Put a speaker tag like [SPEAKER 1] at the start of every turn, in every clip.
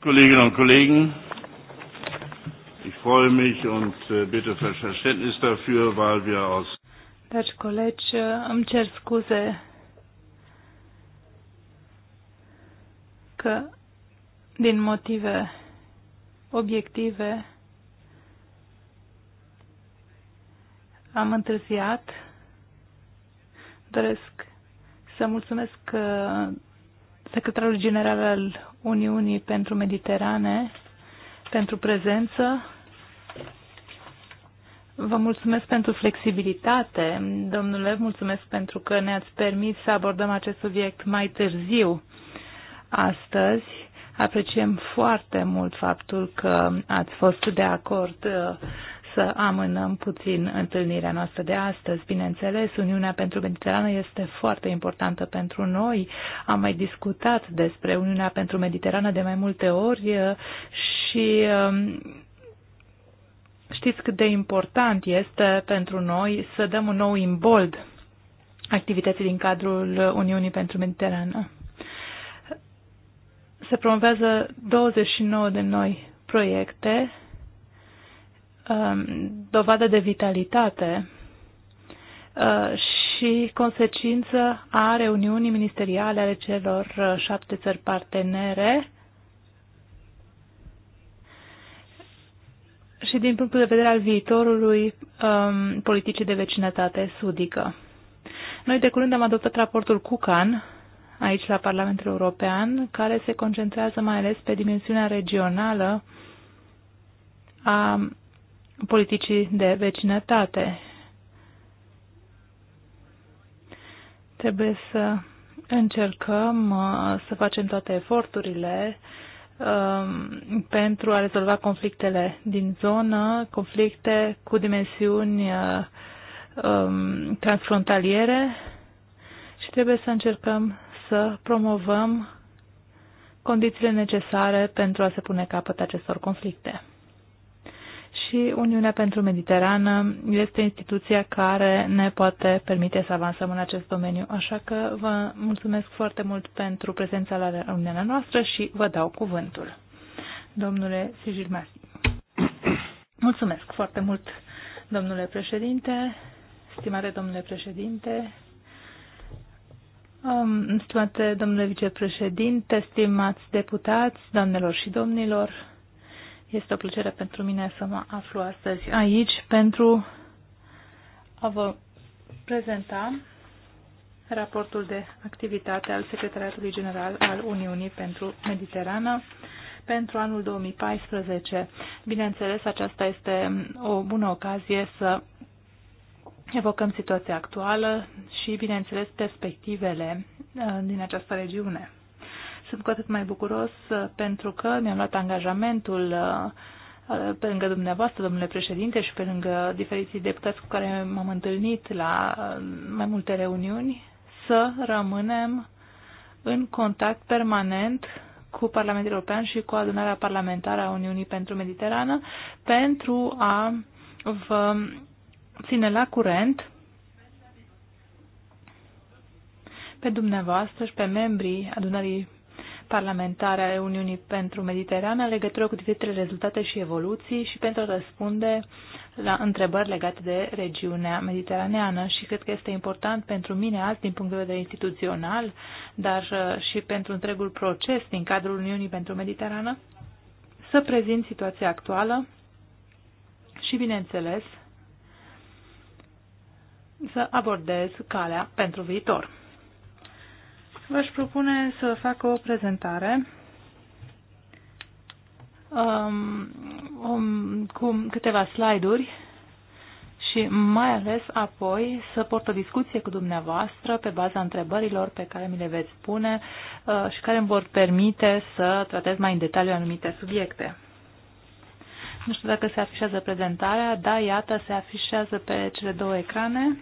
[SPEAKER 1] Kolleginnen und Kollegen, ich freue mich und äh, bitte für Verständnis dafür, weil wir aus.
[SPEAKER 2] Dragi colegi, îmi cer scuze că din motive obiective am întârziat. Doresc să mulțumesc uh, secretarul general al Uniunii pentru Mediterane, pentru prezență. Vă mulțumesc pentru flexibilitate, domnule, mulțumesc pentru că ne-ați permis să abordăm acest subiect mai târziu astăzi. Apreciem foarte mult faptul că ați fost de acord să amânăm puțin întâlnirea noastră de astăzi. Bineînțeles, Uniunea pentru Mediterană este foarte importantă pentru noi. Am mai discutat despre Uniunea pentru Mediterană de mai multe ori uh, și um, știți cât de important este pentru noi să dăm un nou imbold activității din cadrul Uniunii pentru Mediterană. Se promovează 29 de noi proiecte Um, dovadă de vitalitate uh, și consecință a reuniunii ministeriale ale celor uh, șapte țări partenere și din punctul de vedere al viitorului um, politicii de vecinătate sudică. Noi de curând am adoptat raportul Cucan aici la Parlamentul European, care se concentrează mai ales pe dimensiunea regională a politicii de vecinătate. Trebuie să încercăm uh, să facem toate eforturile um, pentru a rezolva conflictele din zonă, conflicte cu dimensiuni uh, um, transfrontaliere și trebuie să încercăm să promovăm condițiile necesare pentru a se pune capăt acestor conflicte și Uniunea pentru Mediterană este instituția care ne poate permite să avansăm în acest domeniu. Așa că vă mulțumesc foarte mult pentru prezența la reuniunea noastră și vă dau cuvântul. Domnule Masi. Mulțumesc foarte mult, domnule președinte, stimate domnule președinte, um, stimate domnule vicepreședinte, stimați deputați, doamnelor și domnilor, este o plăcere pentru mine să mă aflu astăzi aici pentru a vă prezenta raportul de activitate al Secretariatului General al Uniunii pentru Mediterană pentru anul 2014. Bineînțeles, aceasta este o bună ocazie să evocăm situația actuală și, bineînțeles, perspectivele uh, din această regiune sunt cu atât mai bucuros uh, pentru că mi-am luat angajamentul uh, uh, pe lângă dumneavoastră, domnule președinte, și pe lângă diferiții deputați cu care m-am întâlnit la mai multe reuniuni, să rămânem în contact permanent cu Parlamentul European și cu adunarea parlamentară a Uniunii pentru Mediterană pentru a vă ține la curent pe dumneavoastră și pe membrii adunării parlamentare ale Uniunii pentru Mediterana în legătură cu diferite rezultate și evoluții și pentru a răspunde la întrebări legate de regiunea mediteraneană și cred că este important pentru mine azi din punct de vedere instituțional, dar uh, și pentru întregul proces din cadrul Uniunii pentru Mediterană să prezint situația actuală și, bineînțeles, să abordez calea pentru viitor v-aș propune să fac o prezentare um, um, cu câteva slide-uri și mai ales apoi să port o discuție cu dumneavoastră pe baza întrebărilor pe care mi le veți pune uh, și care îmi vor permite să tratez mai în detaliu anumite subiecte. Nu știu dacă se afișează prezentarea. Da, iată, se afișează pe cele două ecrane.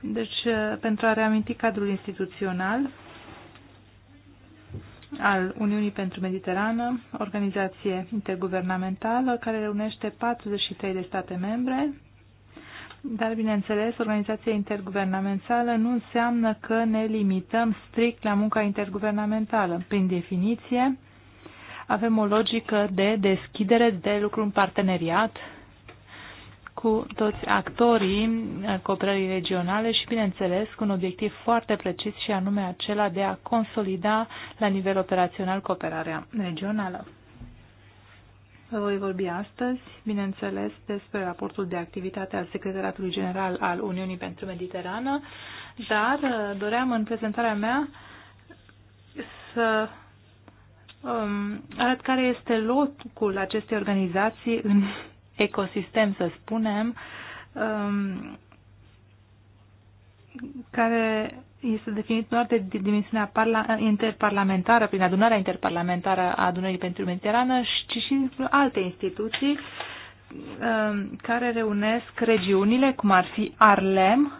[SPEAKER 2] Deci, uh, pentru a reaminti cadrul instituțional al Uniunii pentru Mediterană, organizație interguvernamentală care reunește 43 de state membre, dar, bineînțeles, organizația interguvernamentală nu înseamnă că ne limităm strict la munca interguvernamentală. Prin definiție, avem o logică de deschidere de lucru în parteneriat cu toți actorii eh, cooperării regionale și, bineînțeles, cu un obiectiv foarte precis și anume acela de a consolida la nivel operațional cooperarea regională. Vă voi vorbi astăzi, bineînțeles, despre raportul de activitate al Secretariatului General al Uniunii pentru Mediterană, dar eh, doream în prezentarea mea să um, arăt care este locul acestei organizații în ecosistem, să spunem, um, care este definit doar de dimensiunea interparlamentară, prin adunarea interparlamentară a adunării pentru Mediterană, ci și alte instituții um, care reunesc regiunile, cum ar fi Arlem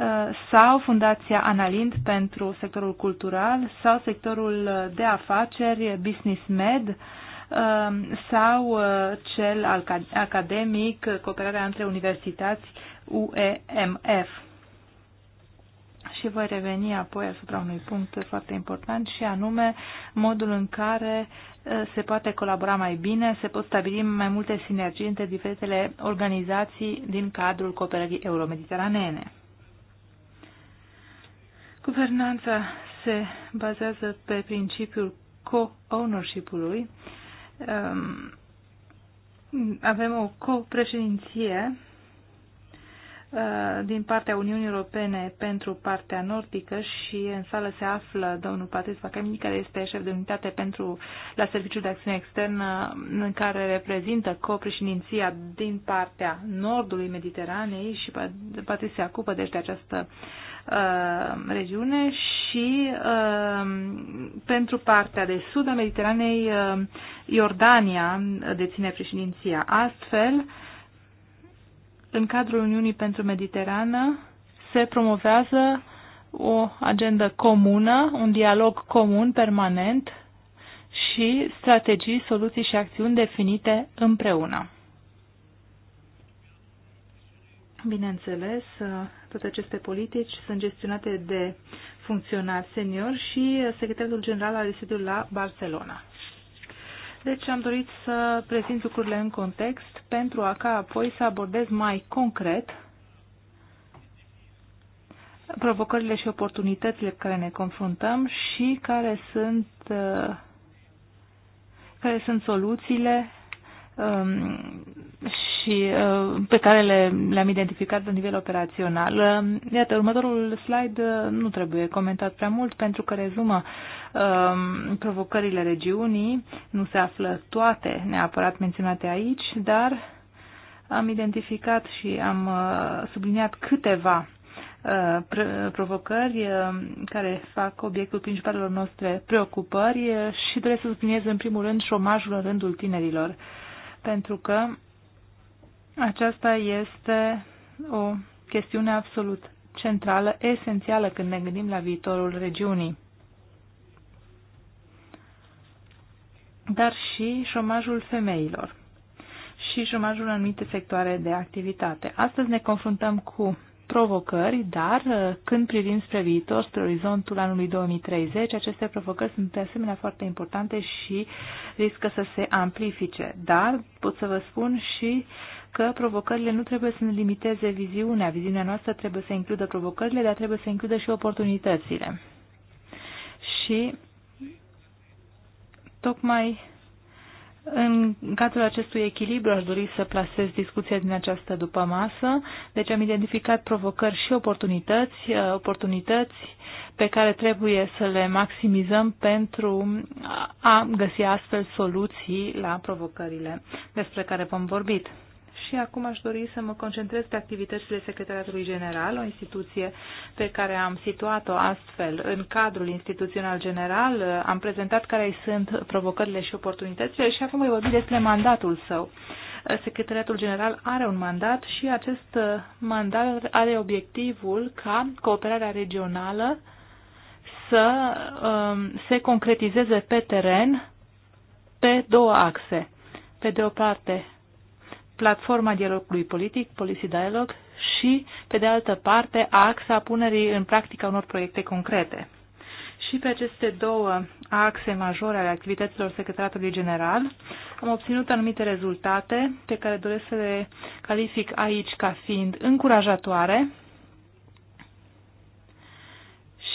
[SPEAKER 2] uh, sau Fundația Analind pentru sectorul cultural sau sectorul de afaceri Business Med, Um, sau uh, cel academic, cooperarea între universități UEMF. Și voi reveni apoi asupra unui punct foarte important și anume modul în care uh, se poate colabora mai bine, se pot stabili mai multe sinergii între diferitele organizații din cadrul cooperării euromediteraneene. Guvernanța se bazează pe principiul co-ownership-ului avem o copreședinție Uh, din partea Uniunii Europene pentru partea nordică și în sală se află domnul Patrice Vacamin, care este șef de unitate pentru la Serviciul de Acțiune Externă, în care reprezintă copreședinția din partea nordului Mediteranei și Patrice se ocupă deci de această uh, regiune și uh, pentru partea de sud a Mediteranei uh, Iordania deține președinția. Astfel, uh, în cadrul Uniunii pentru Mediterană se promovează o agendă comună, un dialog comun permanent și strategii, soluții și acțiuni definite împreună. Bineînțeles, toate aceste politici sunt gestionate de funcționari seniori și secretarul general al residului la Barcelona. Deci am dorit să prezint lucrurile în context pentru a ca apoi să abordez mai concret provocările și oportunitățile cu care ne confruntăm și care sunt, uh, care sunt soluțiile um, și uh, pe care le, le-am identificat la nivel operațional. Uh, iată, următorul slide uh, nu trebuie comentat prea mult pentru că rezumă um, provocările regiunii. Nu se află toate neapărat menționate aici, dar am identificat și am subliniat câteva provocări care fac obiectul principalelor noastre preocupări și doresc să subliniez în primul rând șomajul în rândul tinerilor, pentru că aceasta este o chestiune absolut centrală, esențială când ne gândim la viitorul regiunii. Dar și șomajul femeilor și șomajul în anumite sectoare de activitate. Astăzi ne confruntăm cu provocări, dar uh, când privim spre viitor, spre orizontul anului 2030, aceste provocări sunt de asemenea foarte importante și riscă să se amplifice. Dar pot să vă spun și că provocările nu trebuie să ne limiteze viziunea. Viziunea noastră trebuie să includă provocările, dar trebuie să includă și oportunitățile. Și tocmai în cadrul acestui echilibru aș dori să plasez discuția din această după masă. Deci am identificat provocări și oportunități, uh, oportunități pe care trebuie să le maximizăm pentru a găsi astfel soluții la provocările despre care vom vorbit și acum aș dori să mă concentrez pe activitățile Secretariatului General, o instituție pe care am situat-o astfel în cadrul instituțional general. Am prezentat care sunt provocările și oportunitățile și acum voi vorbi despre mandatul său. Secretariatul General are un mandat și acest mandat are obiectivul ca cooperarea regională să um, se concretizeze pe teren pe două axe. Pe de o parte, platforma dialogului politic, Policy Dialog, și, pe de altă parte, axa punerii în practică unor proiecte concrete. Și pe aceste două axe majore ale activităților Secretatului General am obținut anumite rezultate pe care doresc să le calific aici ca fiind încurajatoare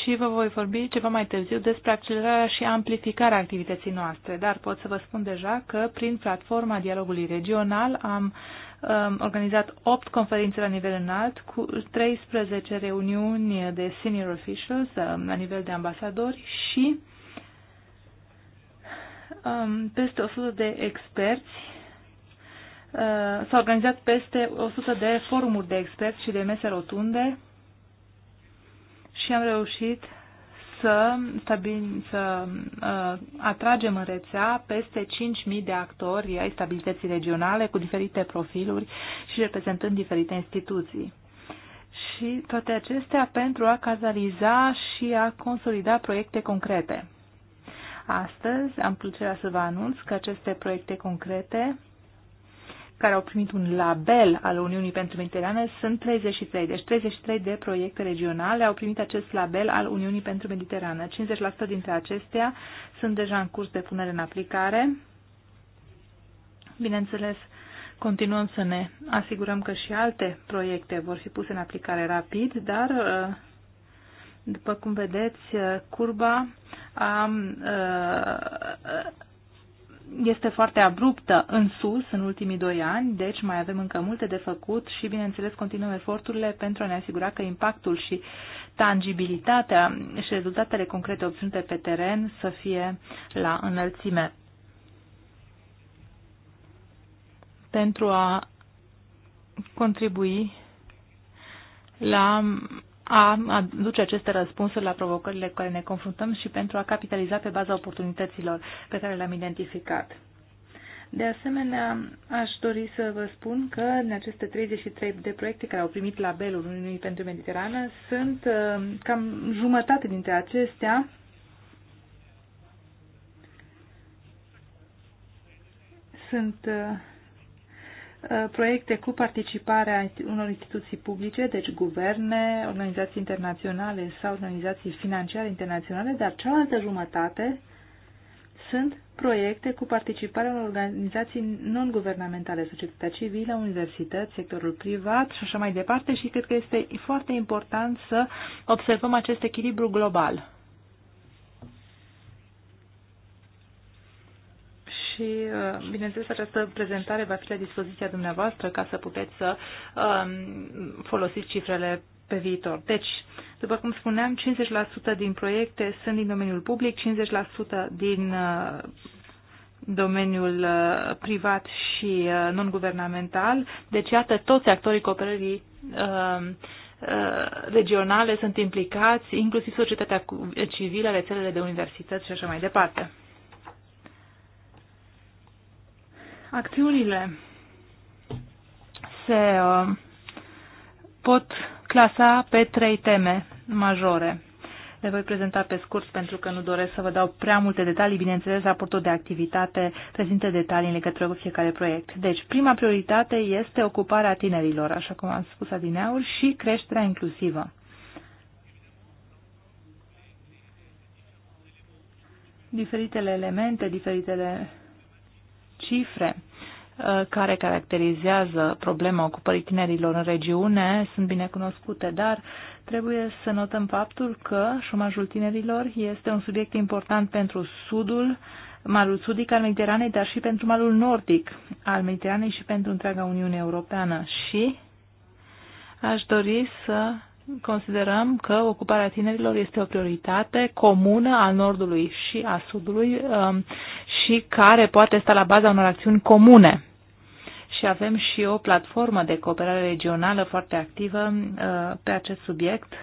[SPEAKER 2] și vă voi vorbi ceva mai târziu despre accelerarea și amplificarea activității noastre, dar pot să vă spun deja că prin platforma dialogului regional am um, organizat 8 conferințe la nivel înalt cu 13 reuniuni de senior officials um, la nivel de ambasadori și um, peste 100 de experți uh, s-au organizat peste 100 de forumuri de experți și de mese rotunde și am reușit să, stabil, să uh, atragem în rețea peste 5.000 de actori ai stabilității regionale cu diferite profiluri și reprezentând diferite instituții. Și toate acestea pentru a cazaliza și a consolida proiecte concrete. Astăzi am plăcerea să vă anunț că aceste proiecte concrete care au primit un label al Uniunii pentru Mediterană sunt 33. Deci 33 de proiecte regionale au primit acest label al Uniunii pentru Mediterană. 50% dintre acestea sunt deja în curs de punere în aplicare. Bineînțeles, continuăm să ne asigurăm că și alte proiecte vor fi puse în aplicare rapid, dar uh, după cum vedeți, uh, curba a uh, este foarte abruptă în sus în ultimii doi ani, deci mai avem încă multe de făcut și, bineînțeles, continuăm eforturile pentru a ne asigura că impactul și tangibilitatea și rezultatele concrete obținute pe teren să fie la înălțime. Pentru a contribui la a aduce aceste răspunsuri la provocările cu care ne confruntăm și pentru a capitaliza pe baza oportunităților pe care le-am identificat. De asemenea, aș dori să vă spun că în aceste 33 de proiecte care au primit labelul Uniunii pentru Mediterană sunt uh, cam jumătate dintre acestea sunt uh, Uh, proiecte cu participarea unor instituții publice, deci guverne, organizații internaționale sau organizații financiare internaționale, dar cealaltă jumătate sunt proiecte cu participarea unor organizații non-guvernamentale, societatea civilă, universități, sectorul privat și așa mai departe și cred că este foarte important să observăm acest echilibru global. și, uh, bineînțeles, această prezentare va fi la dispoziția dumneavoastră ca să puteți să um, folosiți cifrele pe viitor. Deci, după cum spuneam, 50% din proiecte sunt din domeniul public, 50% din uh, domeniul uh, privat și non-guvernamental. Deci, iată, toți actorii cooperării um, regionale sunt implicați, inclusiv societatea civilă, rețelele de universități și așa mai departe. Acțiunile se uh, pot clasa pe trei teme majore. Le voi prezenta pe scurt pentru că nu doresc să vă dau prea multe detalii. Bineînțeles, raportul de activitate prezintă detalii în legătură cu fiecare proiect. Deci, prima prioritate este ocuparea tinerilor, așa cum am spus adineauri, și creșterea inclusivă. Diferitele elemente, diferitele cifre uh, care caracterizează problema ocupării tinerilor în regiune sunt bine cunoscute, dar trebuie să notăm faptul că șomajul tinerilor este un subiect important pentru sudul, malul sudic al Mediteranei, dar și pentru malul nordic al Mediteranei și pentru întreaga Uniune Europeană. Și aș dori să considerăm că ocuparea tinerilor este o prioritate comună al Nordului și a Sudului um, și care poate sta la baza unor acțiuni comune. Și avem și o platformă de cooperare regională foarte activă uh, pe acest subiect,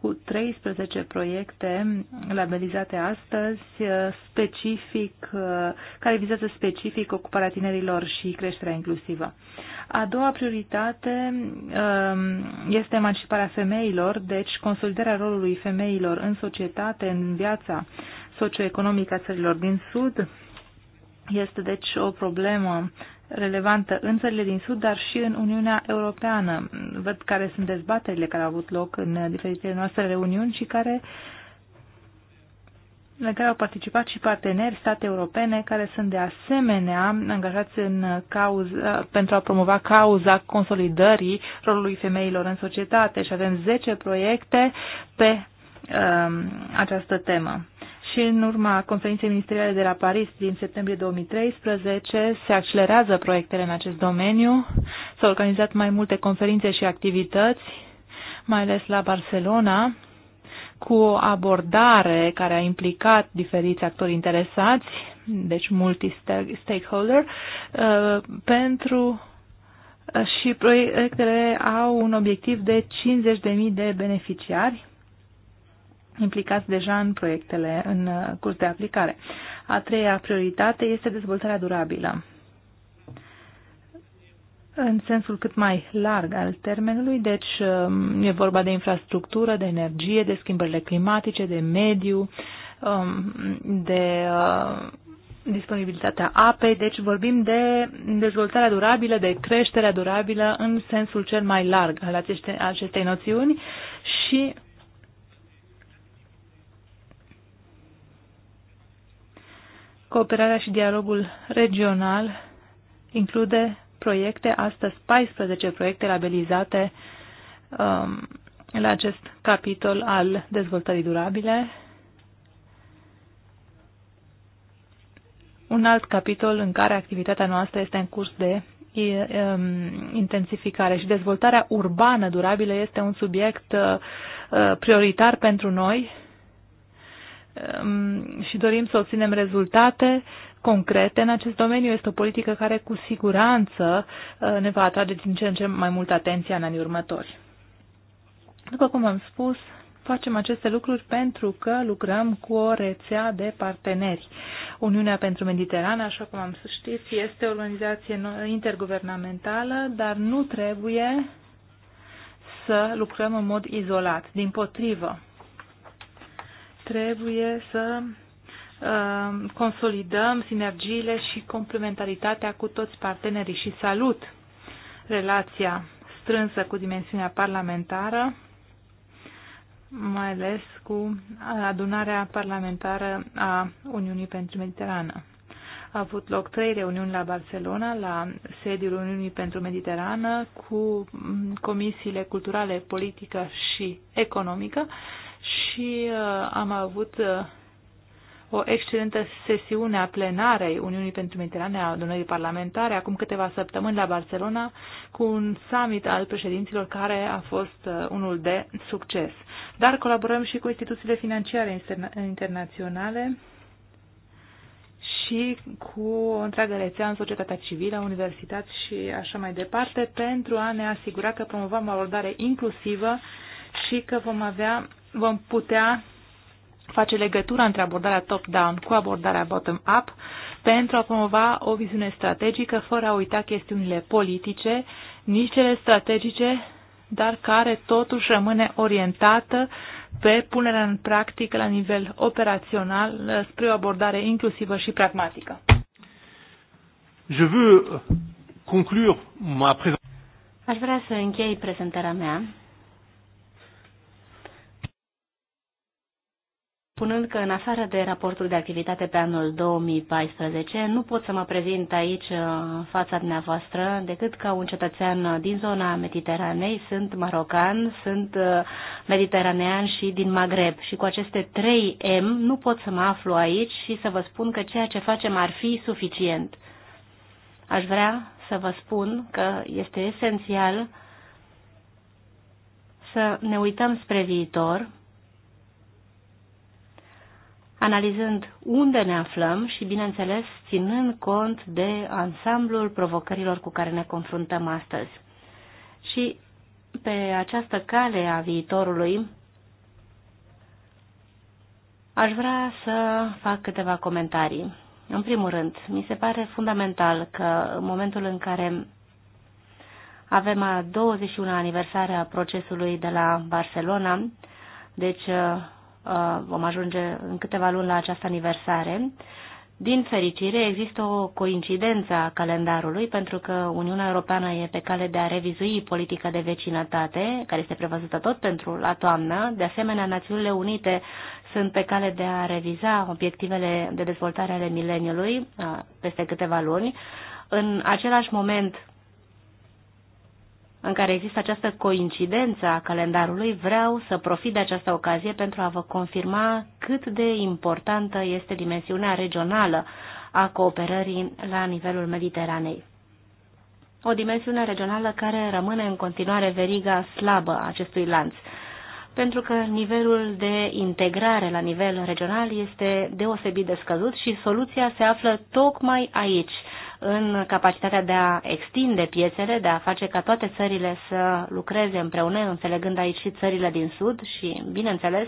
[SPEAKER 2] cu 13 proiecte labelizate astăzi, uh, specific, uh, care vizează specific ocuparea tinerilor și creșterea inclusivă. A doua prioritate um, este emanciparea femeilor, deci consolidarea rolului femeilor în societate, în viața socioeconomică a țărilor din Sud. Este deci o problemă relevantă în țările din Sud, dar și în Uniunea Europeană. Văd care sunt dezbaterile care au avut loc în diferitele noastre reuniuni și care la care au participat și parteneri state europene care sunt de asemenea angajați în cauza, pentru a promova cauza consolidării rolului femeilor în societate și avem 10 proiecte pe um, această temă. Și în urma conferinței ministeriale de la Paris din septembrie 2013 se accelerează proiectele în acest domeniu. S-au organizat mai multe conferințe și activități, mai ales la Barcelona, cu o abordare care a implicat diferiți actori interesați, deci multi-stakeholder, uh, pentru uh, și proiectele au un obiectiv de 50.000 de beneficiari implicați deja în proiectele în uh, curs de aplicare. A treia prioritate este dezvoltarea durabilă. În sensul cât mai larg al termenului, deci um, e vorba de infrastructură, de energie, de schimbările climatice, de mediu, um, de uh, disponibilitatea apei, deci vorbim de dezvoltarea durabilă, de creșterea durabilă în sensul cel mai larg al acestei noțiuni și Cooperarea și dialogul regional include proiecte, astăzi 14 proiecte labelizate um, la acest capitol al dezvoltării durabile. Un alt capitol în care activitatea noastră este în curs de um, intensificare și dezvoltarea urbană durabilă este un subiect uh, uh, prioritar pentru noi Ehm, și dorim să obținem rezultate concrete în acest domeniu. Este o politică care cu siguranță eh, ne va atrage din ce în ce mai mult atenția în anii următori. După cum am spus, facem aceste lucruri pentru că lucrăm cu o rețea de parteneri. Uniunea pentru Mediterană, așa cum am știți, este o organizație interguvernamentală, dar nu trebuie să lucrăm în mod izolat. Din potrivă, trebuie să uh, consolidăm sinergiile și complementaritatea cu toți partenerii și salut relația strânsă cu dimensiunea parlamentară, mai ales cu adunarea parlamentară a Uniunii pentru Mediterană. A avut loc trei reuniuni la Barcelona, la sediul Uniunii pentru Mediterană, cu mm, comisiile culturale, politică și economică și uh, am avut uh, o excelentă sesiune a plenarei Uniunii pentru Mediterane a adunării parlamentare acum câteva săptămâni la Barcelona cu un summit al președinților care a fost uh, unul de succes. Dar colaborăm și cu instituțiile financiare internaționale și cu o întreagă rețea în societatea civilă, universități și așa mai departe pentru a ne asigura că promovăm o abordare inclusivă și că vom avea vom putea face legătura între abordarea top-down cu abordarea bottom-up pentru a promova o viziune strategică fără a uita chestiunile politice, nici cele strategice, dar care totuși rămâne orientată pe punerea în practică la nivel operațional uh, spre o abordare inclusivă și pragmatică. Je veux conclure ma Aș vrea să închei prezentarea mea
[SPEAKER 1] spunând că în afară de raportul de activitate pe anul 2014, nu pot să mă prezint aici uh, în fața dumneavoastră decât ca un cetățean uh, din zona Mediteranei, sunt marocan, sunt uh, mediteranean și din Maghreb și cu aceste 3 M nu pot să mă aflu aici și să vă spun că ceea ce facem ar fi suficient. Aș vrea să vă spun că este esențial să ne uităm spre viitor, analizând unde ne aflăm și, bineînțeles, ținând cont de ansamblul provocărilor cu care ne confruntăm astăzi. Și pe această cale a viitorului, aș vrea să fac câteva comentarii. În primul rând, mi se pare fundamental că în momentul în care avem a 21-a aniversare a procesului de la Barcelona, deci Uh, vom ajunge în câteva luni la această aniversare. Din fericire, există o coincidență a calendarului, pentru că Uniunea Europeană e pe cale de a revizui politica de vecinătate, care este prevăzută tot pentru la toamnă. De asemenea, Națiunile Unite sunt pe cale de a reviza obiectivele de dezvoltare ale mileniului uh, peste câteva luni. În același moment, în care există această coincidență a calendarului, vreau să profit de această ocazie pentru a vă confirma cât de importantă este dimensiunea regională a cooperării la nivelul Mediteranei. O dimensiune regională care rămâne în continuare veriga slabă a acestui lanț, pentru că nivelul de integrare la nivel regional este deosebit de scăzut și soluția se află tocmai aici – în capacitatea de a extinde piețele, de a face ca toate țările să lucreze împreună, înțelegând aici și țările din Sud și, bineînțeles,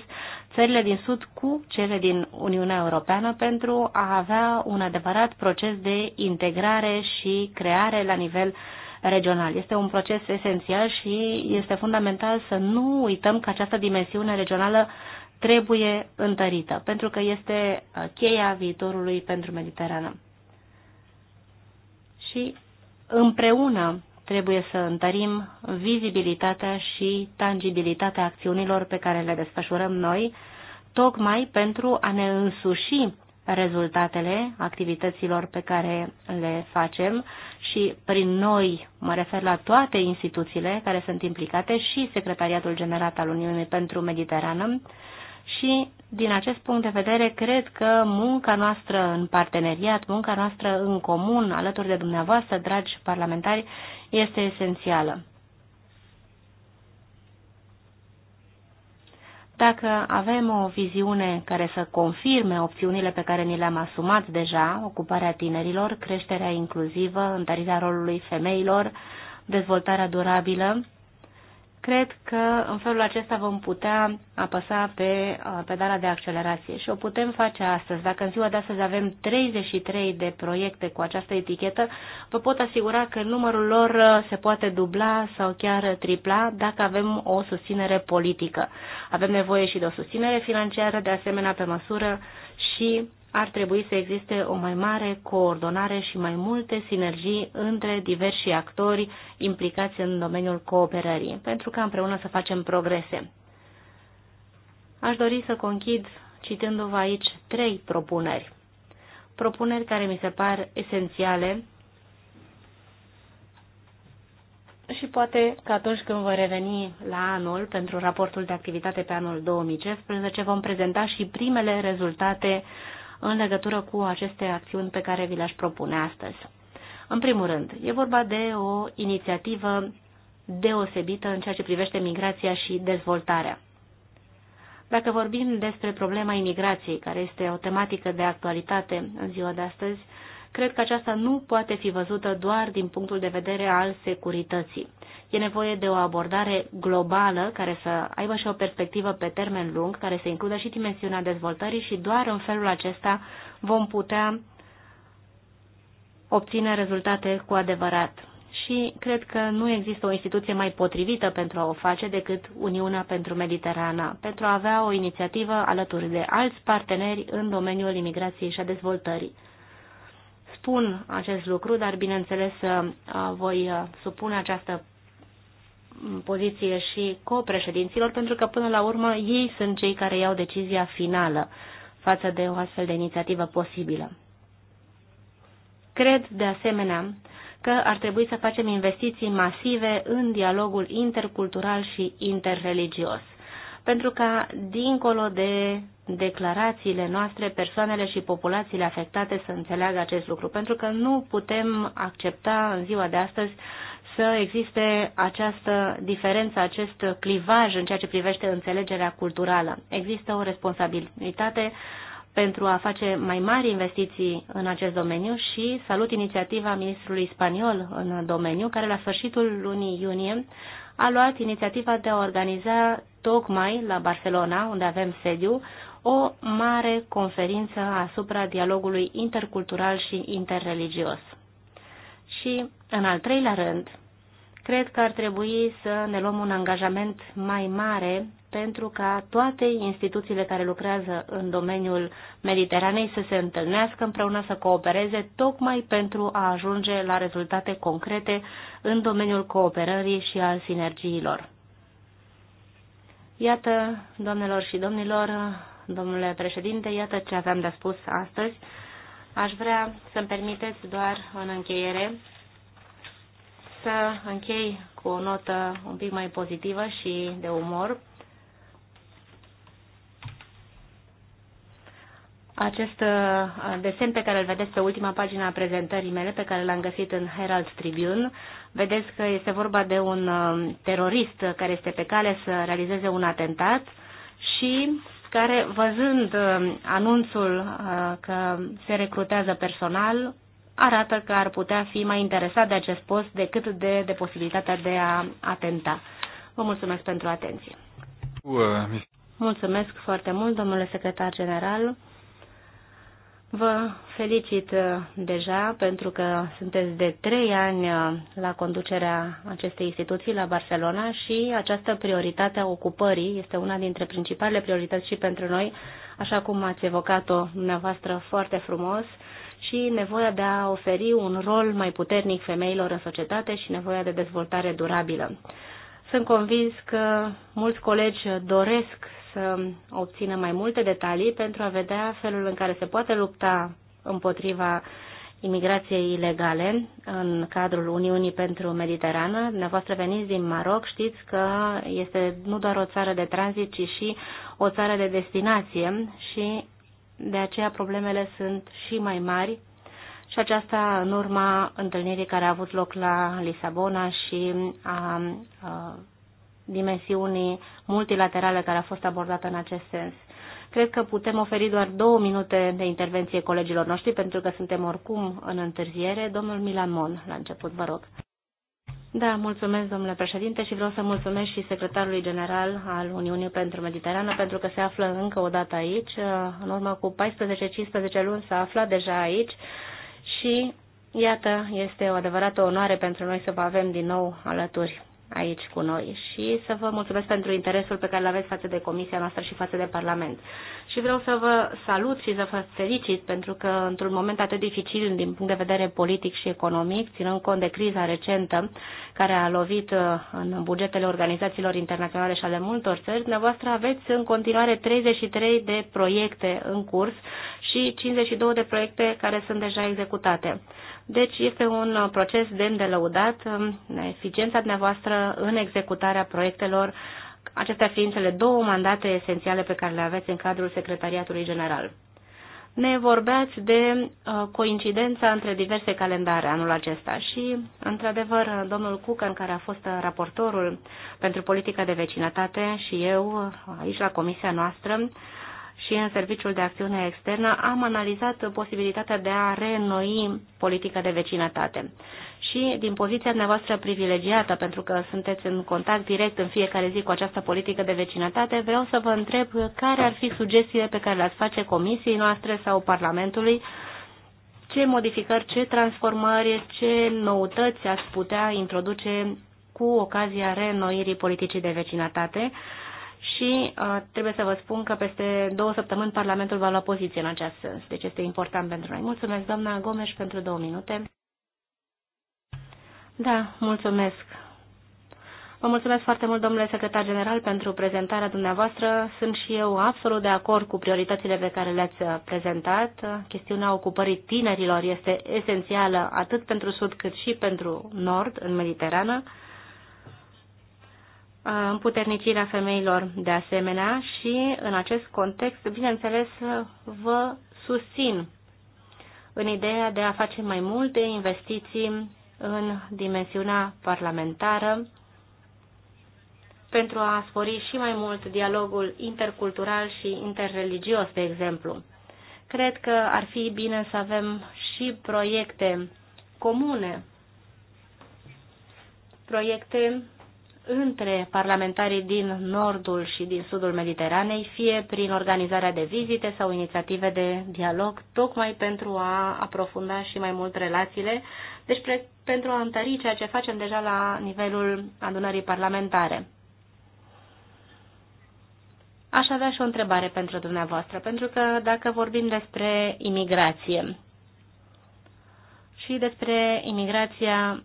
[SPEAKER 1] țările din Sud cu cele din Uniunea Europeană pentru a avea un adevărat proces de integrare și creare la nivel regional. Este un proces esențial și este fundamental să nu uităm că această dimensiune regională trebuie întărită, pentru că este cheia viitorului pentru Mediterană și împreună trebuie să întărim vizibilitatea și tangibilitatea acțiunilor pe care le desfășurăm noi, tocmai pentru a ne însuși rezultatele activităților pe care le facem și prin noi mă refer la toate instituțiile care sunt implicate și Secretariatul General al Uniunii pentru Mediterană, și din acest punct de vedere, cred că munca noastră în parteneriat, munca noastră în comun, alături de dumneavoastră, dragi parlamentari, este esențială. Dacă avem o viziune care să confirme opțiunile pe care ni le-am asumat deja, ocuparea tinerilor, creșterea inclusivă, întărirea rolului femeilor, dezvoltarea durabilă, cred că în felul acesta vom putea apăsa pe uh, pedala de accelerație și o putem face astăzi. Dacă în ziua de astăzi avem 33 de proiecte cu această etichetă, vă pot asigura că numărul lor uh, se poate dubla sau chiar tripla dacă avem o susținere politică. Avem nevoie și de o susținere financiară, de asemenea pe măsură și ar trebui să existe o mai mare coordonare și mai multe sinergii între diversi actori implicați în domeniul cooperării, pentru ca împreună să facem progrese. Aș dori să conchid citându-vă aici trei propuneri. Propuneri care mi se par esențiale și poate că atunci când vă reveni la anul pentru raportul de activitate pe anul 2015, vom prezenta și primele rezultate în legătură cu aceste acțiuni pe care vi le-aș propune astăzi. În primul rând, e vorba de o inițiativă deosebită în ceea ce privește migrația și dezvoltarea. Dacă vorbim despre problema imigrației, care este o tematică de actualitate în ziua de astăzi, cred că aceasta nu poate fi văzută doar din punctul de vedere al securității. E nevoie de o abordare globală care să aibă și o perspectivă pe termen lung, care să includă și dimensiunea dezvoltării și doar în felul acesta vom putea obține rezultate cu adevărat. Și cred că nu există o instituție mai potrivită pentru a o face decât Uniunea pentru Mediterana, pentru a avea o inițiativă alături de alți parteneri în domeniul imigrației și a dezvoltării spun acest lucru, dar bineînțeles uh, voi uh, supune această poziție și copreședinților, pentru că până la urmă ei sunt cei care iau decizia finală față de o astfel de inițiativă posibilă. Cred, de asemenea, că ar trebui să facem investiții masive în dialogul intercultural și interreligios pentru ca, dincolo de declarațiile noastre, persoanele și populațiile afectate să înțeleagă acest lucru, pentru că nu putem accepta în ziua de astăzi să existe această diferență, acest clivaj în ceea ce privește înțelegerea culturală. Există o responsabilitate pentru a face mai mari investiții în acest domeniu și salut inițiativa ministrului spaniol în domeniu, care la sfârșitul lunii iunie a luat inițiativa de a organiza tocmai la Barcelona, unde avem sediu, o mare conferință asupra dialogului intercultural și interreligios. Și, în al treilea rând, cred că ar trebui să ne luăm un angajament mai mare pentru ca toate instituțiile care lucrează în domeniul Mediteranei să se întâlnească împreună, să coopereze, tocmai pentru a ajunge la rezultate concrete în domeniul cooperării și al sinergiilor. Iată, doamnelor și domnilor, domnule președinte, iată ce aveam de spus astăzi. Aș vrea să-mi permiteți doar în încheiere să închei cu o notă un pic mai pozitivă și de umor. Acest uh, desen pe care îl vedeți pe ultima pagină a prezentării mele, pe care l-am găsit în Herald Tribune, vedeți că este vorba de un uh, terorist care este pe cale să realizeze un atentat și care, văzând uh, anunțul că se recrutează personal, arată că ar putea fi mai interesat de acest post decât de, de posibilitatea de a atenta. Vă mulțumesc pentru atenție. Uh, mulțumesc foarte mult, domnule secretar general. Vă felicit uh, deja pentru că sunteți de trei ani uh, la conducerea acestei instituții la Barcelona și această prioritate a ocupării este una dintre principalele priorități și pentru noi, așa cum ați evocat-o dumneavoastră foarte frumos și nevoia de a oferi un rol mai puternic femeilor în societate și nevoia de dezvoltare durabilă. Sunt convins că mulți colegi doresc să obțină mai multe detalii pentru a vedea felul în care se poate lupta împotriva imigrației ilegale în cadrul Uniunii pentru Mediterană. Dumneavoastră veniți din Maroc, știți că este nu doar o țară de tranzit, ci și o țară de destinație și de aceea problemele sunt și mai mari și aceasta în urma întâlnirii care a avut loc la Lisabona și a, a dimensiunii multilaterale care a fost abordată în acest sens. Cred că putem oferi doar două minute de intervenție colegilor noștri, pentru că suntem oricum în întârziere. Domnul Milan Mon, la început, vă rog. Da, mulțumesc, domnule președinte, și vreau să mulțumesc și secretarului general al Uniunii pentru Mediterană, pentru că se află încă o dată aici. În urmă cu 14-15 luni s-a aflat deja aici și, iată, este o adevărată onoare pentru noi să vă avem din nou alături aici cu noi și să vă mulțumesc pentru interesul pe care îl aveți față de comisia noastră și față de Parlament. Și vreau să vă salut și să vă felicit pentru că într-un moment atât dificil din punct de vedere politic și economic, ținând cont de criza recentă care a lovit uh, în bugetele organizațiilor internaționale și ale multor țări, dumneavoastră aveți în continuare 33 de proiecte în curs și 52 de proiecte care sunt deja executate. Deci este un uh, proces demn de lăudat, um, eficiența dumneavoastră în executarea proiectelor, acestea fiind cele două mandate esențiale pe care le aveți în cadrul Secretariatului General. Ne vorbeați de uh, coincidența între diverse calendare anul acesta și, într-adevăr, domnul Cucan, care a fost uh, raportorul pentru politica de vecinătate și eu, aici la comisia noastră, și în Serviciul de Acțiune Externă am analizat posibilitatea de a reînnoi politica de vecinătate. Și din poziția dumneavoastră privilegiată, pentru că sunteți în contact direct în fiecare zi cu această politică de vecinătate, vreau să vă întreb care ar fi sugestiile pe care le-ați face comisiei noastre sau Parlamentului ce modificări, ce transformări, ce noutăți ați putea introduce cu ocazia reînnoirii politicii de vecinătate și uh, trebuie să vă spun că peste două săptămâni Parlamentul va lua poziție în acest sens, deci este important pentru noi. Mulțumesc, doamna Gomes, pentru două minute. Da, mulțumesc. Vă mulțumesc foarte mult, domnule secretar general, pentru prezentarea dumneavoastră. Sunt și eu absolut de acord cu prioritățile pe care le-ați prezentat. Chestiunea ocupării tinerilor este esențială atât pentru Sud cât și pentru Nord, în Mediterană împuternicirea femeilor de asemenea și în acest context, bineînțeles, vă susțin în ideea de a face mai multe investiții în dimensiunea parlamentară pentru a spori și mai mult dialogul intercultural și interreligios, de exemplu. Cred că ar fi bine să avem și proiecte comune, proiecte între parlamentarii din nordul și din sudul Mediteranei, fie prin organizarea de vizite sau inițiative de dialog, tocmai pentru a aprofunda și mai mult relațiile, deci pentru a întări ceea ce facem deja la nivelul adunării parlamentare. Aș avea și o întrebare pentru dumneavoastră, pentru că dacă vorbim despre imigrație și despre imigrația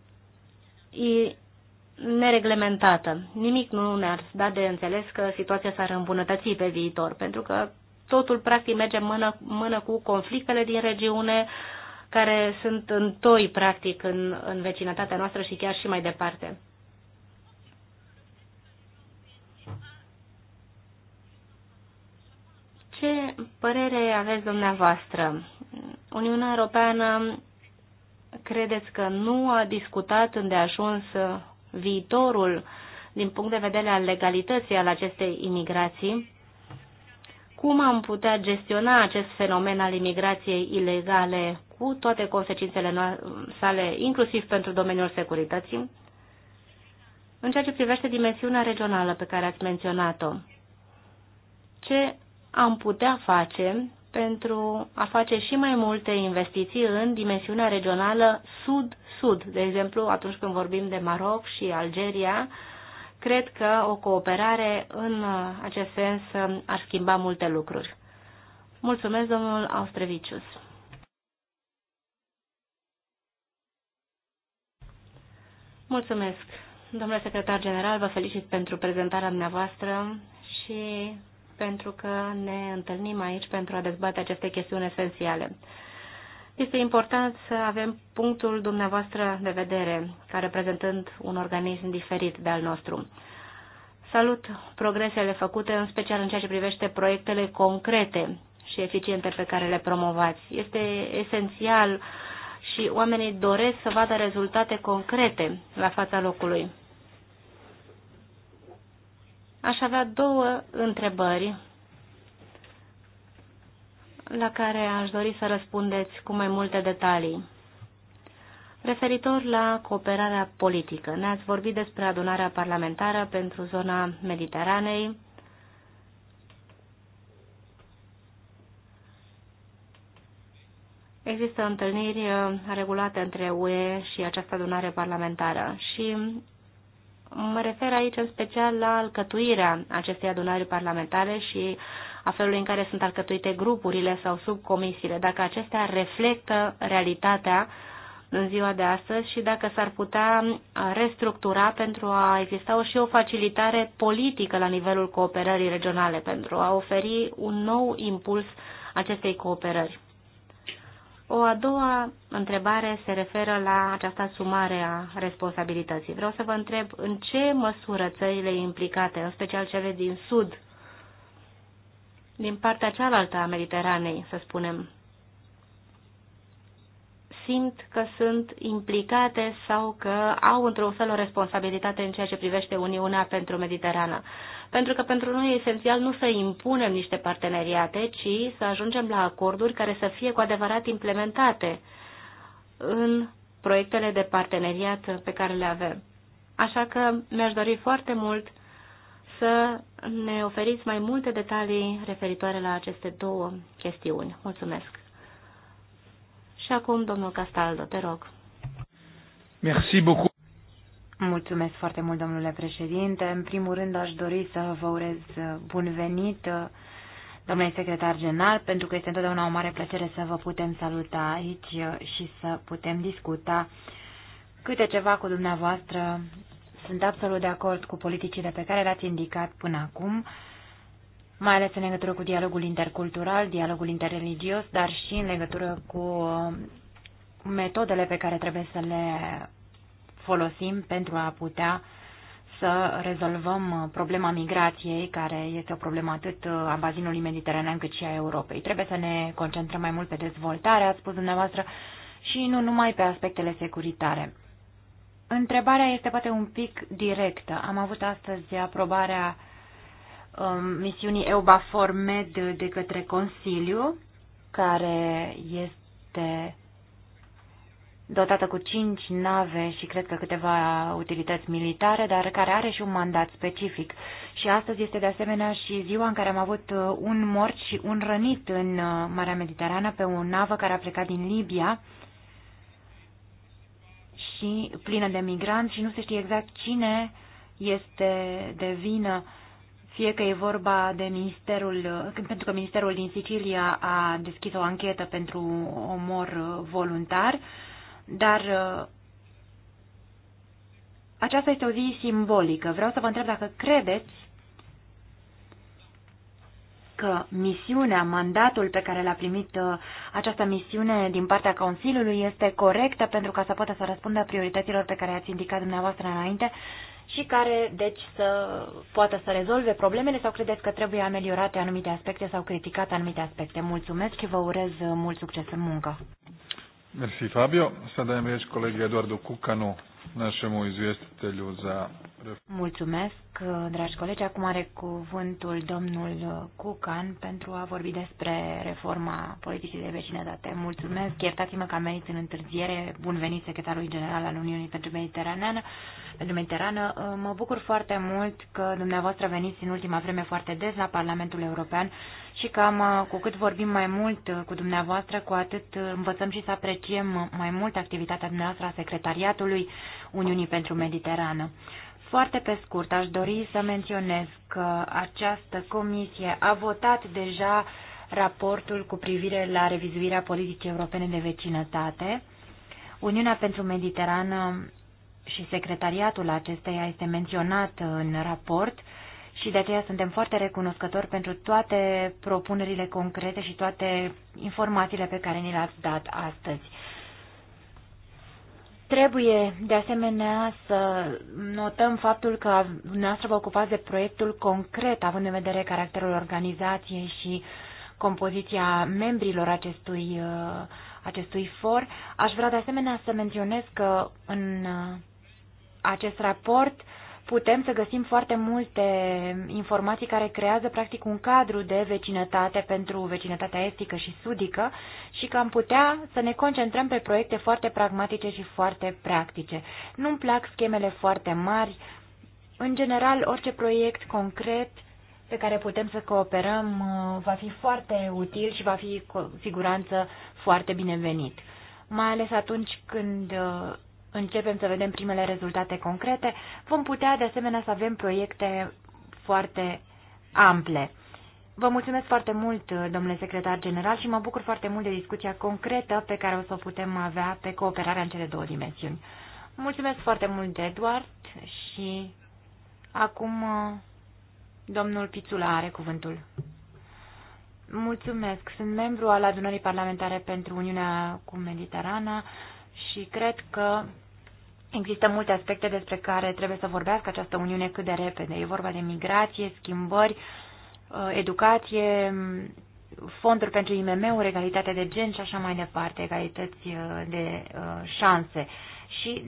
[SPEAKER 1] nereglementată. Nimic nu ne-ar da de înțeles că situația s-ar îmbunătăți pe viitor, pentru că totul practic merge mână, mână cu conflictele din regiune, care sunt întoi practic în, în vecinătatea noastră și chiar și mai departe. Ce părere aveți dumneavoastră? Uniunea Europeană credeți că nu a discutat îndeajuns viitorul din punct de vedere al legalității al acestei imigrații, cum am putea gestiona acest fenomen al imigrației ilegale cu toate consecințele sale, inclusiv pentru domeniul securității, în ceea ce privește dimensiunea regională pe care ați menționat-o. Ce am putea face pentru a face și mai multe investiții în dimensiunea regională sud-sud. De exemplu, atunci când vorbim de Maroc și Algeria, cred că o cooperare în acest sens ar schimba multe lucruri. Mulțumesc, domnul Austrevicius. Mulțumesc. Domnule secretar general, vă felicit pentru prezentarea dumneavoastră și pentru că ne întâlnim aici pentru a dezbate aceste chestiuni esențiale. Este important să avem punctul dumneavoastră de vedere, ca reprezentând un organism diferit de al nostru. Salut progresele făcute, în special în ceea ce privește proiectele concrete și eficiente pe care le promovați. Este esențial și oamenii doresc să vadă rezultate concrete la fața locului. Aș avea două întrebări la care aș dori să răspundeți cu mai multe detalii. Referitor la cooperarea politică, ne-ați vorbit despre adunarea parlamentară pentru zona Mediteranei. Există întâlniri uh, regulate între UE și această adunare parlamentară și Mă refer aici în special la alcătuirea acestei adunări parlamentare și a felului în care sunt alcătuite grupurile sau subcomisiile, dacă acestea reflectă realitatea în ziua de astăzi și dacă s-ar putea restructura pentru a exista o și o facilitare politică la nivelul cooperării regionale, pentru a oferi un nou impuls acestei cooperări. O a doua întrebare se referă la această sumare a responsabilității. Vreau să vă întreb în ce măsură țările implicate, în special cele din sud, din partea cealaltă a Mediteranei, să spunem, simt că sunt implicate sau că au într-un fel o responsabilitate în ceea ce privește Uniunea pentru Mediterană pentru că pentru noi e esențial nu să impunem niște parteneriate, ci să ajungem la acorduri care să fie cu adevărat implementate în proiectele de parteneriat pe care le avem. Așa că mi-aș dori foarte mult să ne oferiți mai multe detalii referitoare la aceste două chestiuni. Mulțumesc. Și acum, domnul Castaldo, te rog. Merci beaucoup.
[SPEAKER 3] Mulțumesc foarte mult, domnule președinte. În primul rând, aș dori să vă urez bun venit, domnule secretar general, pentru că este întotdeauna o mare plăcere să vă putem saluta aici și să putem discuta câte ceva cu dumneavoastră. Sunt absolut de acord cu politicile pe care le-ați indicat până acum, mai ales în legătură cu dialogul intercultural, dialogul interreligios, dar și în legătură cu metodele pe care trebuie să le folosim pentru a putea să rezolvăm uh, problema migrației, care este o problemă atât uh, a bazinului mediteranean cât și a Europei. Trebuie să ne concentrăm mai mult pe dezvoltare, ați spus dumneavoastră, și nu numai pe aspectele securitare. Întrebarea este poate un pic directă. Am avut astăzi aprobarea um, misiunii EUBAFOR-MED de către Consiliu, care este dotată cu cinci nave și cred că câteva utilități militare, dar care are și un mandat specific. Și astăzi este de asemenea și ziua în care am avut uh, un mort și un rănit în uh, Marea Mediterană pe o navă care a plecat din Libia și plină de migranți și nu se știe exact cine este de vină fie că e vorba de ministerul, uh, pentru că ministerul din Sicilia a deschis o anchetă pentru omor voluntar, dar uh, aceasta este o zi simbolică. Vreau să vă întreb dacă credeți că misiunea, mandatul pe care l-a primit uh, această misiune din partea Consiliului este corectă pentru ca să poată să răspundă priorităților pe care ați indicat dumneavoastră înainte și care, deci, să poată să rezolve problemele sau credeți că trebuie ameliorate anumite aspecte sau criticate anumite aspecte. Mulțumesc și vă urez uh, mult succes în muncă.
[SPEAKER 2] Mersi Fabio. Sada dajem riječ kolegi Eduardu Kukanu nașemu izvestitelju za...
[SPEAKER 3] Mulțumesc, dragi colegi. Acum are cuvântul domnul Cucan pentru a vorbi despre reforma politicii de vecinătate. Mulțumesc, iertați-mă că am venit în întârziere. Bun venit secretarului general al Uniunii pentru Mediteraneană. Pentru Mediterană, mă bucur foarte mult că dumneavoastră veniți în ultima vreme foarte des la Parlamentul European și că am, cu cât vorbim mai mult cu dumneavoastră, cu atât învățăm și să apreciem mai mult activitatea dumneavoastră a secretariatului, Uniunii pentru Mediterană. Foarte pe scurt, aș dori să menționez că această comisie a votat deja raportul cu privire la revizuirea politicii europene de vecinătate. Uniunea pentru Mediterană și secretariatul acesteia este menționat în raport și de aceea suntem foarte recunoscători pentru toate propunerile concrete și toate informațiile pe care ni le-ați dat astăzi. Trebuie, de asemenea, să notăm faptul că dumneavoastră vă ocupați de proiectul concret, având în vedere caracterul organizației și compoziția membrilor acestui, uh, acestui for. Aș vrea, de asemenea, să menționez că în uh, acest raport uh, putem să găsim foarte multe informații care creează practic un cadru de vecinătate pentru vecinătatea estică și sudică și că am putea să ne concentrăm pe proiecte foarte pragmatice și foarte practice. Nu-mi plac schemele foarte mari. În general, orice proiect concret pe care putem să cooperăm uh, va fi foarte util și va fi cu siguranță foarte binevenit. Mai ales atunci când uh, începem să vedem primele rezultate concrete, vom putea de asemenea să avem proiecte foarte ample. Vă mulțumesc foarte mult, domnule secretar general, și mă bucur foarte mult de discuția concretă pe care o să o putem avea pe cooperarea în cele două dimensiuni. Mulțumesc foarte mult, Eduard, și acum domnul Pițula are cuvântul. Mulțumesc. Sunt membru al adunării parlamentare pentru Uniunea cu Mediterana și cred că există multe aspecte despre care trebuie să vorbească această Uniune cât de repede. E vorba de migrație, schimbări, uh, educație, fonduri pentru IMM-uri, egalitate de gen și așa mai departe, egalități uh, de uh, șanse și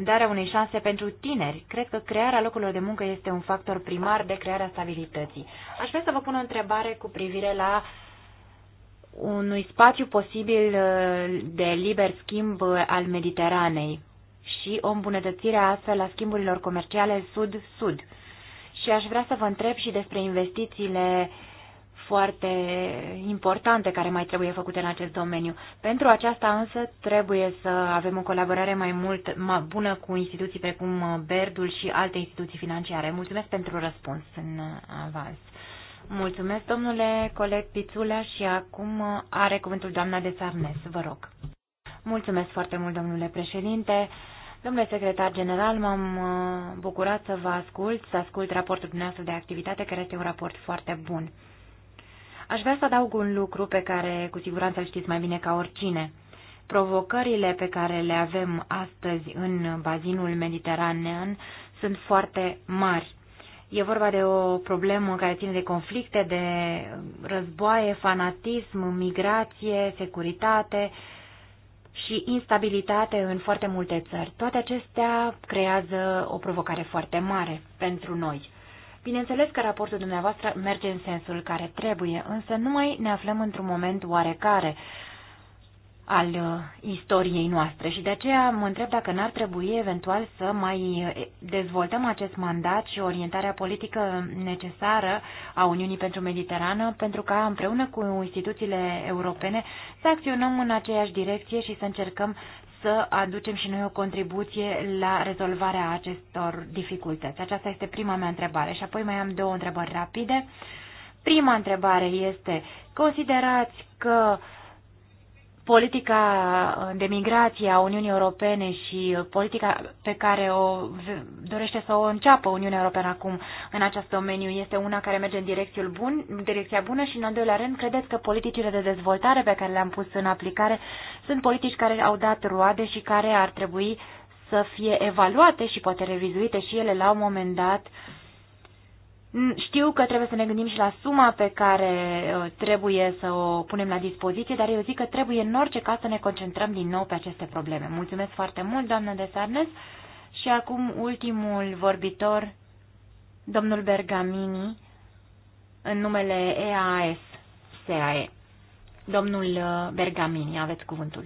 [SPEAKER 3] darea unei șanse pentru tineri. Cred că crearea locurilor de muncă este un factor primar de crearea stabilității. Aș vrea să vă pun o întrebare cu privire la uh, unui spațiu posibil uh, de liber schimb uh, al Mediteranei și o îmbunătățire astfel la schimburilor comerciale sud-sud. Și aș vrea să vă întreb și despre investițiile foarte importante care mai trebuie făcute în acest domeniu. Pentru aceasta însă trebuie să avem o colaborare mai mult mai bună cu instituții precum uh, Berdul și alte instituții financiare. Mulțumesc pentru răspuns în avans. Mulțumesc, domnule coleg Pițula, și acum are cuvântul doamna de Sarnes, vă rog. Mulțumesc foarte mult, domnule președinte. Domnule secretar general, m-am uh, bucurat să vă ascult, să ascult raportul dumneavoastră de activitate, care este un raport foarte bun. Aș vrea să adaug un lucru pe care cu siguranță îl știți mai bine ca oricine. Provocările pe care le avem astăzi în bazinul mediteranean sunt foarte mari. E vorba de o problemă care ține de conflicte, de războaie, fanatism, migrație, securitate și instabilitate în foarte multe țări. Toate acestea creează o provocare foarte mare pentru noi. Bineînțeles că raportul dumneavoastră merge în sensul care trebuie, însă numai ne aflăm într-un moment oarecare al uh, istoriei noastre și de aceea mă întreb dacă n-ar trebui eventual să mai eh, dezvoltăm acest mandat și orientarea politică necesară a Uniunii pentru Mediterană pentru ca împreună cu instituțiile europene să acționăm în aceeași direcție și să încercăm să aducem și noi o contribuție la rezolvarea acestor dificultăți. Aceasta este prima mea întrebare și apoi mai am două întrebări rapide. Prima întrebare este, considerați că uh, politica de migrație a Uniunii Europene și politica pe care o dorește să o înceapă Uniunea Europeană acum în acest domeniu este una care merge în direcția bun, direcția bună și, în al doilea rând, credeți că politicile de dezvoltare pe care le-am pus în aplicare sunt politici care au dat roade și care ar trebui să fie evaluate și poate revizuite și ele la un moment dat uh, știu că trebuie să ne gândim și la suma pe care uh, trebuie să o punem la dispoziție, dar eu zic că trebuie în orice caz să ne concentrăm din nou pe aceste probleme. Mulțumesc foarte mult, doamnă de Sarnes. Și acum ultimul vorbitor, domnul Bergamini, în numele EAS, SAE. Domnul uh, Bergamini, aveți cuvântul.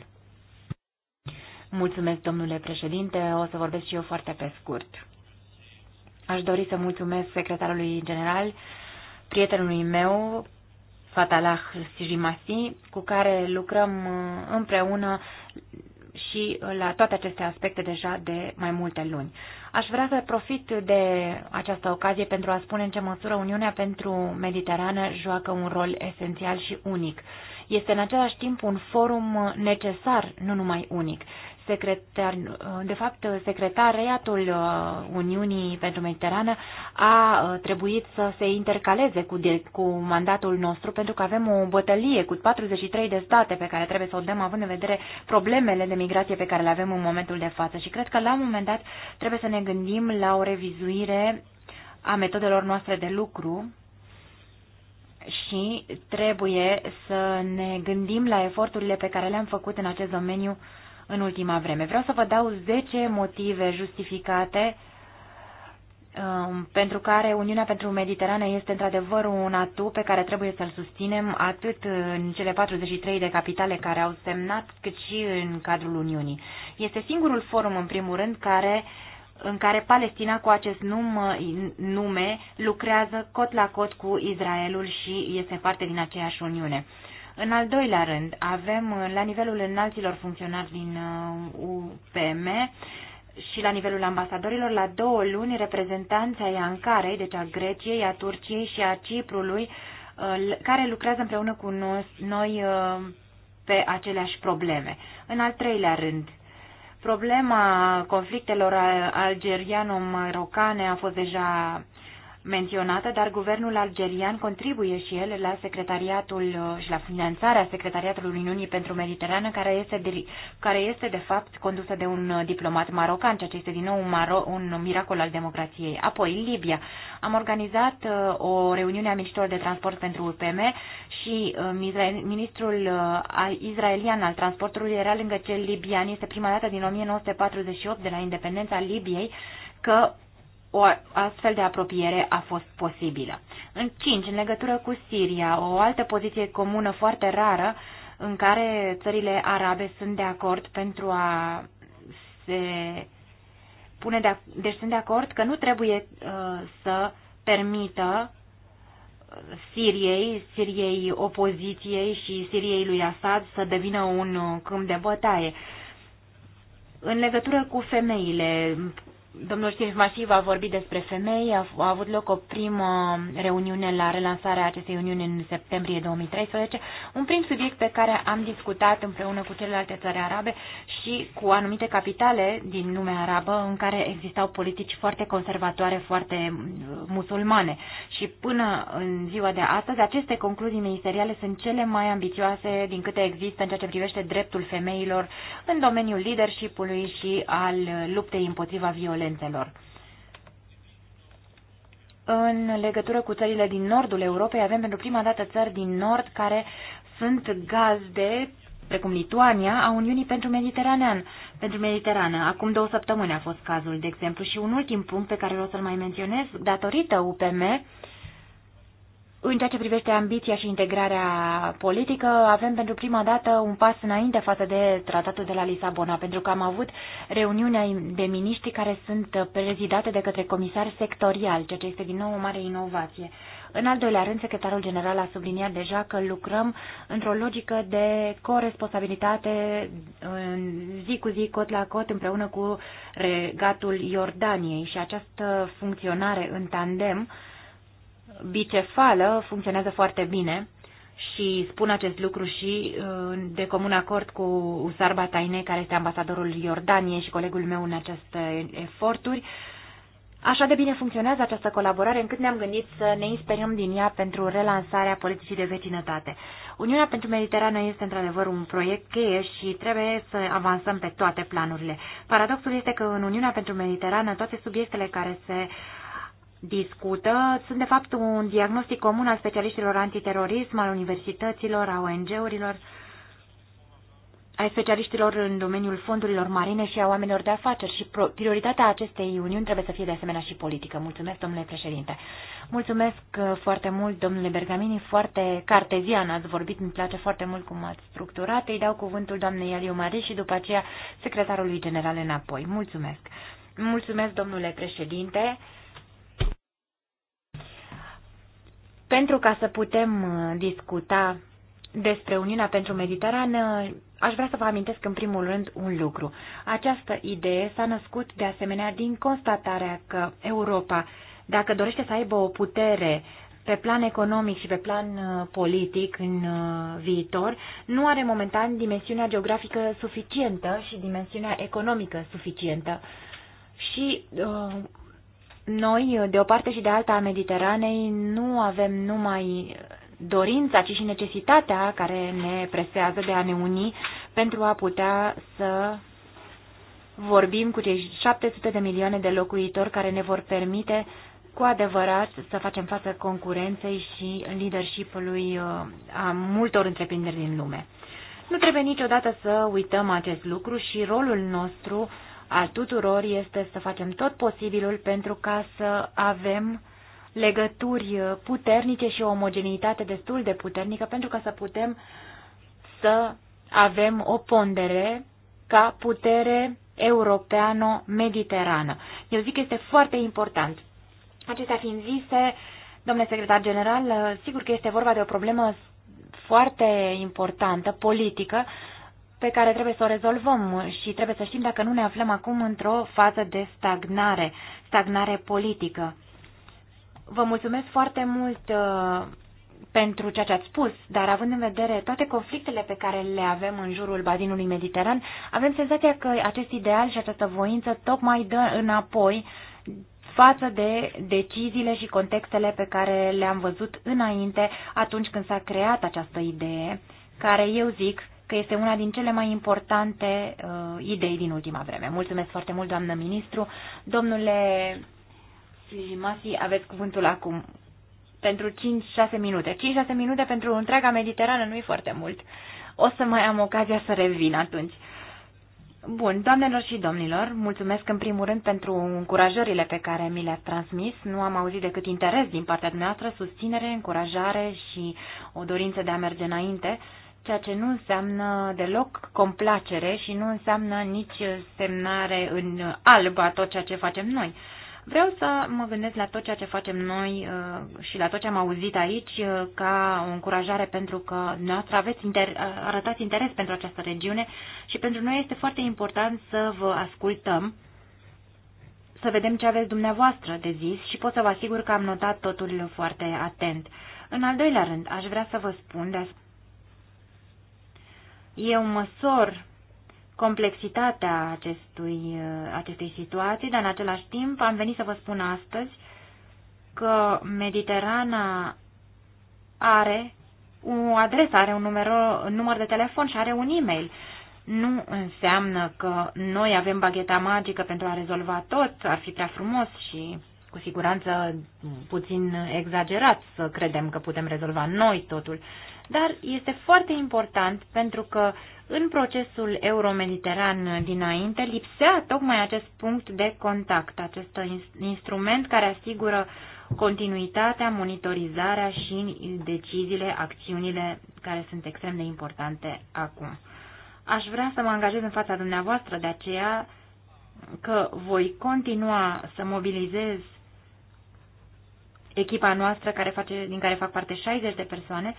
[SPEAKER 3] Mulțumesc, domnule președinte. O să vorbesc și eu foarte pe scurt. Aș dori să mulțumesc secretarului general, prietenului meu, Fatalah Sijimasi, cu care lucrăm uh, împreună și la toate aceste aspecte deja de mai multe luni. Aș vrea să profit de această ocazie pentru a spune în ce măsură Uniunea pentru Mediterană joacă un rol esențial și unic. Este în același timp un forum necesar, nu numai unic secretar, de fapt, secretariatul uh, Uniunii pentru Mediterană a uh, trebuit să se intercaleze cu, cu mandatul nostru pentru că avem o bătălie cu 43 de state pe care trebuie să o dăm având în vedere problemele de migrație pe care le avem în momentul de față și cred că la un moment dat trebuie să ne gândim la o revizuire a metodelor noastre de lucru și trebuie să ne gândim la eforturile pe care le-am făcut în acest domeniu uh, în ultima vreme. Vreau să vă dau 10 motive justificate um, pentru care Uniunea pentru Mediterană este într-adevăr un atu pe care trebuie să-l susținem atât în cele 43 de capitale care au semnat, cât și în cadrul Uniunii. Este singurul forum, în primul rând, care, în care Palestina cu acest num, nume lucrează cot la cot cu Israelul și este parte din aceeași Uniune. În al doilea rând, avem uh, la nivelul înalților funcționari din UPM uh, și la nivelul ambasadorilor, la două luni, reprezentanța ai Ankarei, deci a Greciei, a Turciei și a Ciprului, uh, care lucrează împreună cu noi pe aceleași probleme. În al treilea rând, problema conflictelor algeriano-marocane a fost deja menționată, dar guvernul algerian contribuie și el la secretariatul uh, și la finanțarea secretariatului Uniunii pentru Mediterană, care este de, care este de fapt condusă de un uh, diplomat marocan, ceea ce este din nou un, maro, un miracol al democrației. Apoi, Libia. Am organizat uh, o reuniune a ministrilor de transport pentru UPM și ministrul izraelian al transportului era lângă cel libian. Este prima dată din 1948, de la independența Libiei, că o astfel de apropiere a fost posibilă. În 5, în legătură cu Siria, o altă poziție comună foarte rară în care țările arabe sunt de acord pentru a se pune de, deci sunt de acord că nu trebuie uh, să permită uh, Siriei, Siriei opoziției și Siriei lui Assad să devină un uh, câmp de bătaie. În legătură cu femeile, Domnul Știrif Masiv a vorbit despre femei, a, a avut loc o primă reuniune la relansarea acestei uniuni în septembrie 2013, un prim subiect pe care am discutat împreună cu celelalte țări arabe și cu anumite capitale din lumea arabă în care existau politici foarte conservatoare, foarte uh, musulmane. Și până în ziua de astăzi, aceste concluzii ministeriale sunt cele mai ambițioase din câte există în ceea ce privește dreptul femeilor în domeniul leadership-ului și al luptei împotriva violenței violențelor. În legătură cu țările din nordul Europei, avem pentru prima dată țări din nord care sunt gazde, precum Lituania, a Uniunii pentru Mediteranean. Pentru Mediterană, acum două săptămâni a fost cazul, de exemplu, și un ultim punct pe care vreau să-l mai menționez, datorită UPM, în ceea ce privește ambiția și integrarea politică, avem pentru prima dată un pas înainte față de tratatul de la Lisabona, pentru că am avut reuniunea de miniștri care sunt prezidate de către comisari sectorial, ceea ce este din nou o mare inovație. În al doilea rând, secretarul general a subliniat deja că lucrăm într-o logică de coresponsabilitate zi cu zi, cot la cot, împreună cu regatul Iordaniei și această funcționare în tandem uh, bicefală funcționează foarte bine și spun acest lucru și uh, de comun acord cu Usarba Taine, care este ambasadorul Iordaniei și colegul meu în aceste eforturi. Așa de bine funcționează această colaborare încât ne-am gândit să ne inspirăm din ea pentru relansarea politicii de vecinătate. Uniunea pentru Mediterană este într-adevăr un proiect cheie și trebuie să avansăm pe toate planurile. Paradoxul este că în Uniunea pentru Mediterană toate subiectele care se uh, discută sunt de fapt un diagnostic comun al specialiștilor antiterorism, al universităților, a ONG-urilor, ai specialiștilor în domeniul fondurilor marine și a oamenilor de afaceri și prioritatea acestei uniuni trebuie să fie de asemenea și politică. Mulțumesc, domnule președinte. Mulțumesc uh, foarte mult, domnule Bergamini, foarte cartezian ați vorbit, îmi place foarte mult cum ați structurat. Îi dau cuvântul doamnei Eliu Mari și după aceea secretarului general înapoi. Mulțumesc. Mulțumesc, domnule președinte. Pentru ca să putem uh, discuta despre Uniunea pentru Mediterană, aș vrea să vă amintesc în primul rând un lucru. Această idee s-a născut de asemenea din constatarea că Europa, dacă dorește să aibă o putere pe plan economic și pe plan uh, politic în uh, viitor, nu are momentan dimensiunea geografică suficientă și dimensiunea economică suficientă. Și uh, noi, de o parte și de alta a Mediteranei, nu avem numai dorința, ci și necesitatea care ne presează de a ne uni pentru a putea să vorbim cu cei 700 de milioane de locuitori care ne vor permite cu adevărat să facem față concurenței și leadershipului uh, a multor întreprinderi din lume. Nu trebuie niciodată să uităm acest lucru și rolul nostru al tuturor este să facem tot posibilul pentru ca să avem legături puternice și o omogeneitate destul de puternică pentru ca să putem să avem o pondere ca putere europeano-mediterană. Eu zic că este foarte important. Acestea fiind zise, domnule secretar general, sigur că este vorba de o problemă foarte importantă, politică, pe care trebuie să o rezolvăm și trebuie să știm dacă nu ne aflăm acum într-o fază de stagnare, stagnare politică. Vă mulțumesc foarte mult uh, pentru ceea ce ați spus, dar având în vedere toate conflictele pe care le avem în jurul bazinului mediteran, avem senzația că acest ideal și această voință tocmai dă înapoi față de deciziile și contextele pe care le-am văzut înainte atunci când s-a creat această idee, care eu zic că este una din cele mai importante uh, idei din ultima vreme. Mulțumesc foarte mult, doamnă ministru. Domnule Sijimasi, aveți cuvântul acum pentru 5-6 minute. 5-6 minute pentru întreaga Mediterană nu e foarte mult. O să mai am ocazia să revin atunci. Bun, doamnelor și domnilor, mulțumesc în primul rând pentru încurajările pe care mi le-ați transmis. Nu am auzit decât interes din partea dumneavoastră, susținere, încurajare și o dorință de a merge înainte ceea ce nu înseamnă deloc complacere și nu înseamnă nici semnare în alb a tot ceea ce facem noi. Vreau să mă gândesc la tot ceea ce facem noi uh, și la tot ce am auzit aici uh, ca o încurajare pentru că noastră aveți inter- uh, arătați interes pentru această regiune și pentru noi este foarte important să vă ascultăm, să vedem ce aveți dumneavoastră de zis și pot să vă asigur că am notat totul foarte atent. În al doilea rând, aș vrea să vă spun de eu măsor complexitatea acestui, acestei situații, dar în același timp am venit să vă spun astăzi că Mediterana are o adresă, are un, numero, un număr de telefon și are un e-mail. Nu înseamnă că noi avem bagheta magică pentru a rezolva tot, ar fi prea frumos și cu siguranță puțin exagerat să credem că putem rezolva noi totul dar este foarte important pentru că în procesul euromediteran dinainte lipsea tocmai acest punct de contact, acest instrument care asigură continuitatea, monitorizarea și deciziile, acțiunile care sunt extrem de importante acum. Aș vrea să mă angajez în fața dumneavoastră de aceea că voi continua să mobilizez echipa noastră care face, din care fac parte 60 de persoane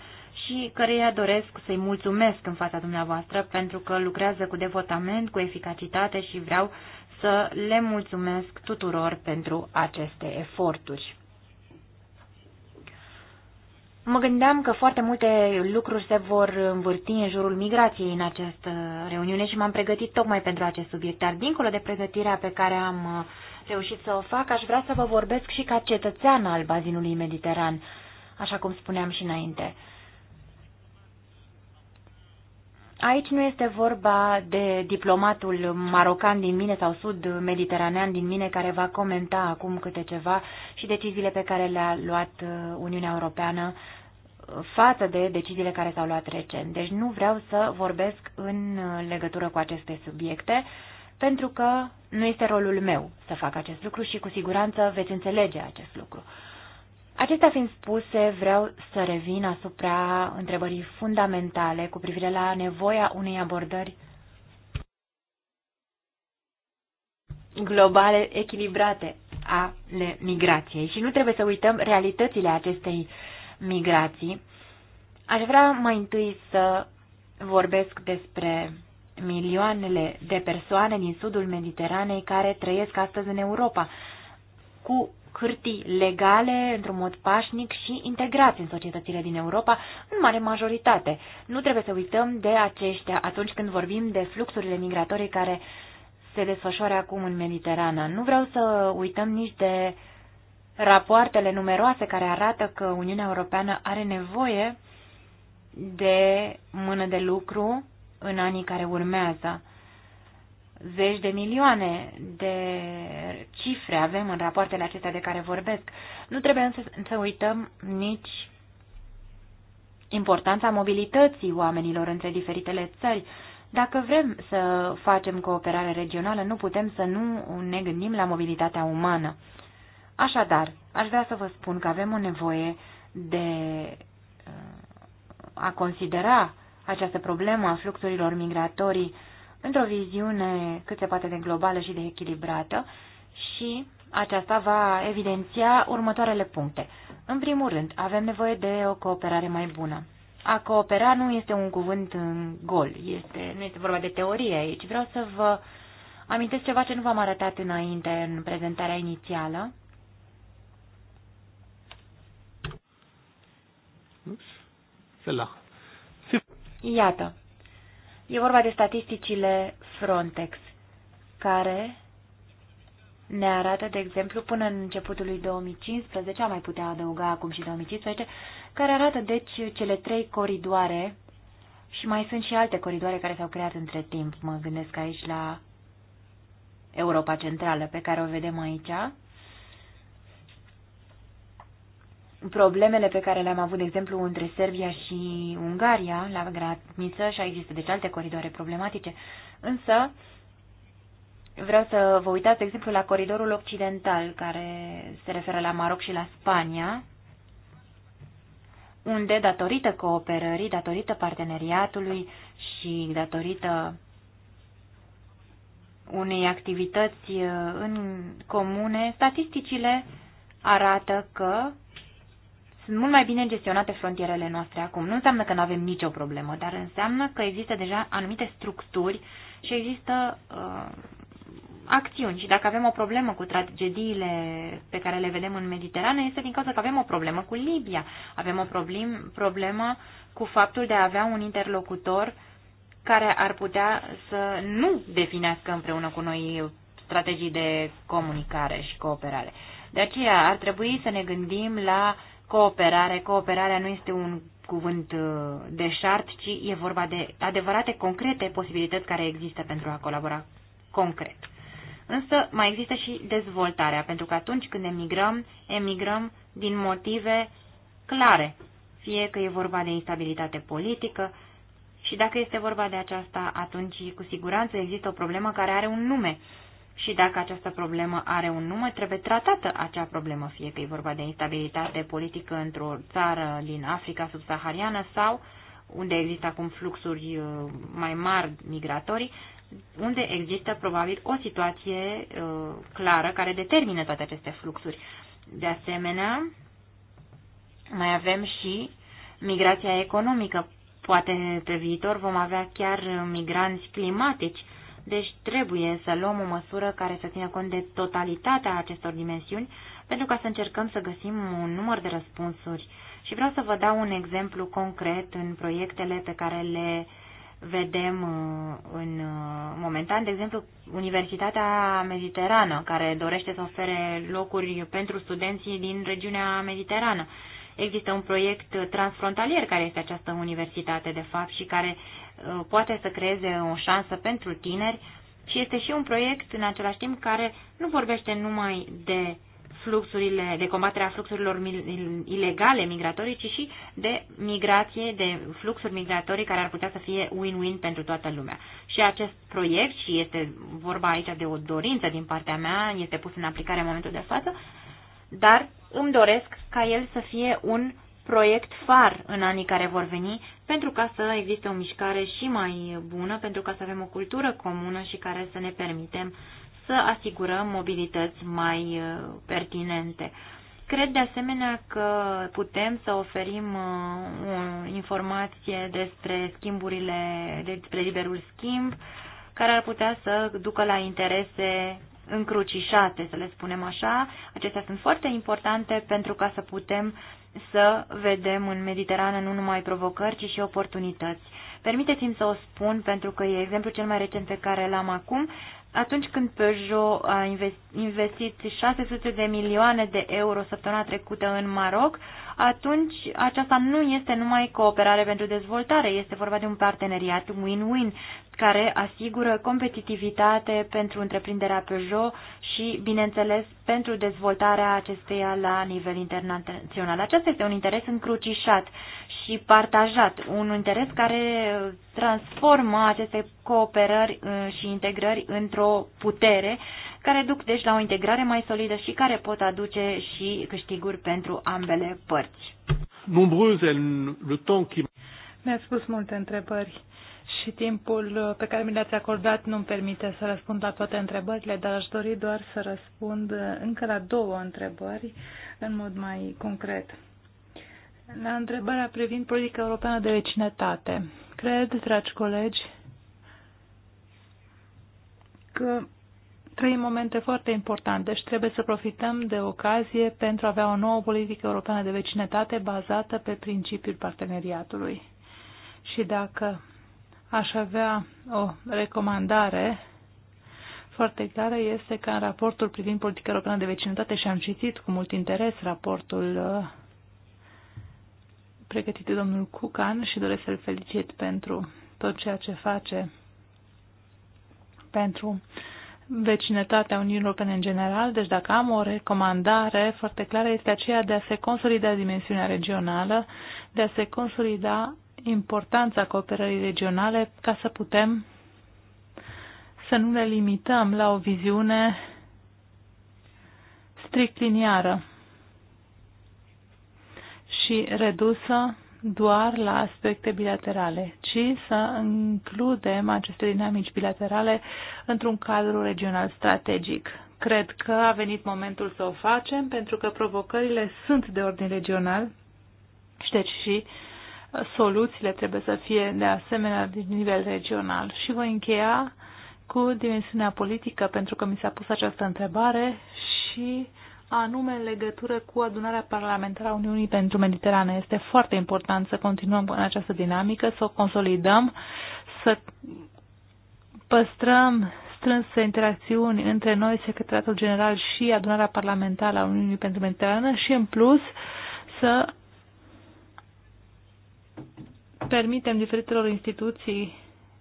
[SPEAKER 3] și căreia doresc să-i mulțumesc în fața dumneavoastră pentru că lucrează cu devotament, cu eficacitate și vreau să le mulțumesc tuturor pentru aceste eforturi. Mă gândeam că foarte multe lucruri se vor învârti în jurul migrației în această reuniune și m-am pregătit tocmai pentru acest subiect, dar dincolo de pregătirea pe care am reușit să o fac, aș vrea să vă vorbesc și ca cetățean al bazinului mediteran, așa cum spuneam și înainte. Aici nu este vorba de diplomatul marocan din mine sau sud-mediteranean din mine care va comenta acum câte ceva și deciziile pe care le-a luat uh, Uniunea Europeană uh, față de deciziile care s-au luat recent. Deci nu vreau să vorbesc în uh, legătură cu aceste subiecte pentru că nu este rolul meu să fac acest lucru și cu siguranță veți înțelege acest lucru. Acestea fiind spuse, vreau să revin asupra întrebării fundamentale cu privire la nevoia unei abordări globale echilibrate ale migrației. Și nu trebuie să uităm realitățile acestei migrații. Aș vrea mai întâi să vorbesc despre milioanele de persoane din sudul Mediteranei care trăiesc astăzi în Europa, cu hârtii legale, într-un mod pașnic și integrați în societățile din Europa, în mare majoritate. Nu trebuie să uităm de aceștia atunci când vorbim de fluxurile migratorii care se desfășoară acum în Mediterana. Nu vreau să uităm nici de rapoartele numeroase care arată că Uniunea Europeană are nevoie de mână de lucru în anii care urmează. Zeci de milioane de cifre avem în rapoartele acestea de care vorbesc. Nu trebuie însă să uităm nici importanța mobilității oamenilor între diferitele țări. Dacă vrem să facem cooperare regională, nu putem să nu ne gândim la mobilitatea umană. Așadar, aș vrea să vă spun că avem o nevoie de uh, a considera această problemă a fluxurilor migratorii într-o viziune cât se poate de globală și de echilibrată și aceasta va evidenția următoarele puncte. În primul rând, avem nevoie de o cooperare mai bună. A coopera nu este un cuvânt în gol, este, nu este vorba de teorie aici. Vreau să vă amintesc ceva ce nu v-am arătat înainte în prezentarea inițială. Ups, Iată, e vorba de statisticile Frontex, care ne arată, de exemplu, până în începutul lui 2015, am mai putea adăuga acum și 2015, care arată, deci, cele trei coridoare și mai sunt și alte coridoare care s-au creat între timp. Mă gândesc aici la Europa Centrală, pe care o vedem aici, problemele pe care le-am avut, de exemplu, între Serbia și Ungaria, la graniță, și există deci alte coridoare problematice, însă vreau să vă uitați, de exemplu, la coridorul occidental, care se referă la Maroc și la Spania, unde, datorită cooperării, datorită parteneriatului și datorită unei activități uh, în comune, statisticile arată că sunt mult mai bine gestionate frontierele noastre acum. Nu înseamnă că nu avem nicio problemă, dar înseamnă că există deja anumite structuri și există uh, acțiuni. Și dacă avem o problemă cu tragediile pe care le vedem în Mediterană, este din cauza că avem o problemă cu Libia. Avem o problem, problemă cu faptul de a avea un interlocutor care ar putea să nu definească împreună cu noi strategii de comunicare și cooperare. De aceea ar trebui să ne gândim la uh, cooperare. Cooperarea nu este un cuvânt uh, deșart, ci e vorba de adevărate, concrete posibilități care există pentru a colabora concret. Însă mai există și dezvoltarea, pentru că atunci când emigrăm, emigrăm din motive clare, fie că e vorba de instabilitate politică și dacă este vorba de aceasta, atunci cu siguranță există o problemă care are un nume și dacă această problemă are un nume, trebuie tratată acea problemă, fie că e vorba de instabilitate politică într-o țară din Africa subsahariană sau unde există acum fluxuri uh, mai mari migratorii, unde există probabil o situație uh, clară care determină toate aceste fluxuri. De asemenea, mai avem și migrația economică. Poate pe viitor vom avea chiar migranți climatici deci trebuie să luăm o măsură care să țină cont de totalitatea acestor dimensiuni pentru ca să încercăm să găsim un număr de răspunsuri. Și vreau să vă dau un exemplu concret în proiectele pe care le vedem uh, în uh, momentan, de exemplu, Universitatea Mediterană, care dorește să ofere locuri pentru studenții din regiunea mediterană. Există un proiect transfrontalier care este această universitate, de fapt, și care Uh, poate să creeze o șansă pentru tineri și este și un proiect în același timp care nu vorbește numai de fluxurile, de combaterea fluxurilor ilegale migratorii, ci și de migrație, de fluxuri migratorii care ar putea să fie win-win pentru toată lumea. Și acest proiect, și este vorba aici de o dorință din partea mea, este pus în aplicare în momentul de față, dar îmi doresc ca el să fie un proiect far în anii care vor veni pentru ca să existe o mișcare și mai bună, pentru ca să avem o cultură comună și care să ne permitem să asigurăm mobilități mai uh, pertinente. Cred de asemenea că putem să oferim uh, o informație despre schimburile, despre liberul schimb, care ar putea să ducă la interese încrucișate, să le spunem așa. Acestea sunt foarte importante pentru ca să putem să vedem în Mediterană nu numai provocări, ci și oportunități. Permiteți-mi să o spun, pentru că e exemplul cel mai recent pe care l-am acum. Atunci când Peugeot a investit 600 de milioane de euro săptămâna trecută în Maroc, atunci aceasta nu este numai cooperare pentru dezvoltare, este vorba de un parteneriat win-win care asigură competitivitate pentru întreprinderea Peugeot și, bineînțeles, pentru dezvoltarea acesteia la nivel internațional. Acesta este un interes încrucișat și partajat, un interes care transformă aceste cooperări uh, și integrări într-o putere care duc deci la o integrare mai solidă și care pot aduce și câștiguri pentru ambele părți. mi
[SPEAKER 2] a spus multe întrebări și timpul uh, pe care mi le-ați acordat nu-mi permite să răspund la toate întrebările, dar aș dori doar să răspund uh, încă la două întrebări în mod mai concret la întrebarea privind politica europeană de vecinătate. Cred, dragi colegi, că trăim momente foarte importante și trebuie să profităm de ocazie pentru a avea o nouă politică europeană de vecinătate bazată pe principiul parteneriatului. Și dacă aș avea o recomandare foarte clară este că în raportul privind politica europeană de vecinătate și am citit cu mult interes raportul uh, pregătit de domnul Cucan și doresc să-l felicit pentru tot ceea ce face pentru vecinătatea Uniunii Europene în general. Deci dacă am o recomandare foarte clară este aceea de a se consolida dimensiunea regională, de a se consolida importanța cooperării regionale ca să putem să nu ne limităm la o viziune strict liniară și redusă doar la aspecte bilaterale, ci să includem aceste dinamici bilaterale într-un cadru regional strategic. Cred că a venit momentul să o facem, pentru că provocările sunt de ordin regional și deci și uh, soluțiile trebuie să fie de asemenea din nivel regional. Și voi încheia cu dimensiunea politică, pentru că mi s-a pus această întrebare și anume în legătură cu adunarea parlamentară a Uniunii pentru Mediterană. Este foarte important să continuăm în această dinamică, să o consolidăm, să păstrăm strânse interacțiuni între noi, Secretariatul General și adunarea parlamentară a Uniunii pentru Mediterană și, în plus, să permitem diferitelor instituții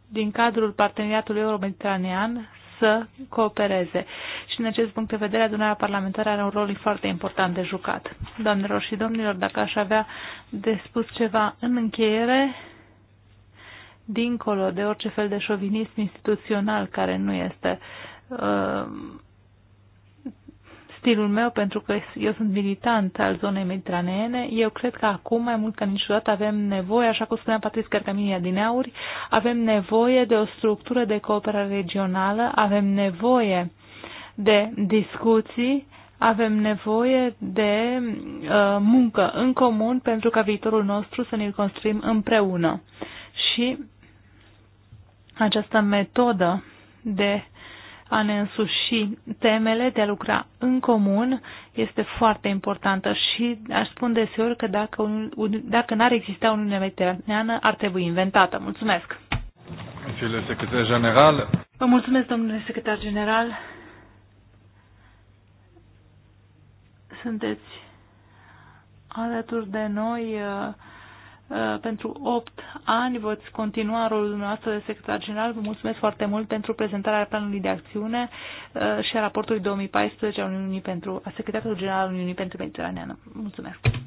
[SPEAKER 2] din cadrul parteneriatului euro-mediteranean să coopereze. Și în acest punct de vedere, adunarea parlamentară are un rol foarte important de jucat. Doamnelor și domnilor, dacă aș avea de spus ceva în încheiere, dincolo de orice fel de șovinism instituțional care nu este uh, stilul meu pentru că eu sunt militant al zonei mediteraneene. Eu cred că acum, mai mult ca niciodată, avem nevoie, așa cum spunea Patrice Carcaminia din Auri, avem nevoie de o structură de cooperare regională, avem nevoie de discuții, avem nevoie de uh, muncă în comun pentru ca viitorul nostru să ne-l construim împreună. Și această metodă de a ne însuși temele, de a lucra în comun, este foarte importantă și aș spun deseori că dacă, un, dacă n-ar exista Uniunea Mediteraneană, ar trebui inventată. Mulțumesc! Monsieur secretar general. Vă mulțumesc, domnule secretar general. Sunteți alături de noi uh, Uh, pentru 8 ani. Voți continua rolul dumneavoastră de secretar general. Vă mulțumesc foarte mult pentru prezentarea planului de acțiune uh, și a raportului 2014 a Uniunii pentru, a Secretarului General al Uniunii pentru Mediteraneană. Mulțumesc!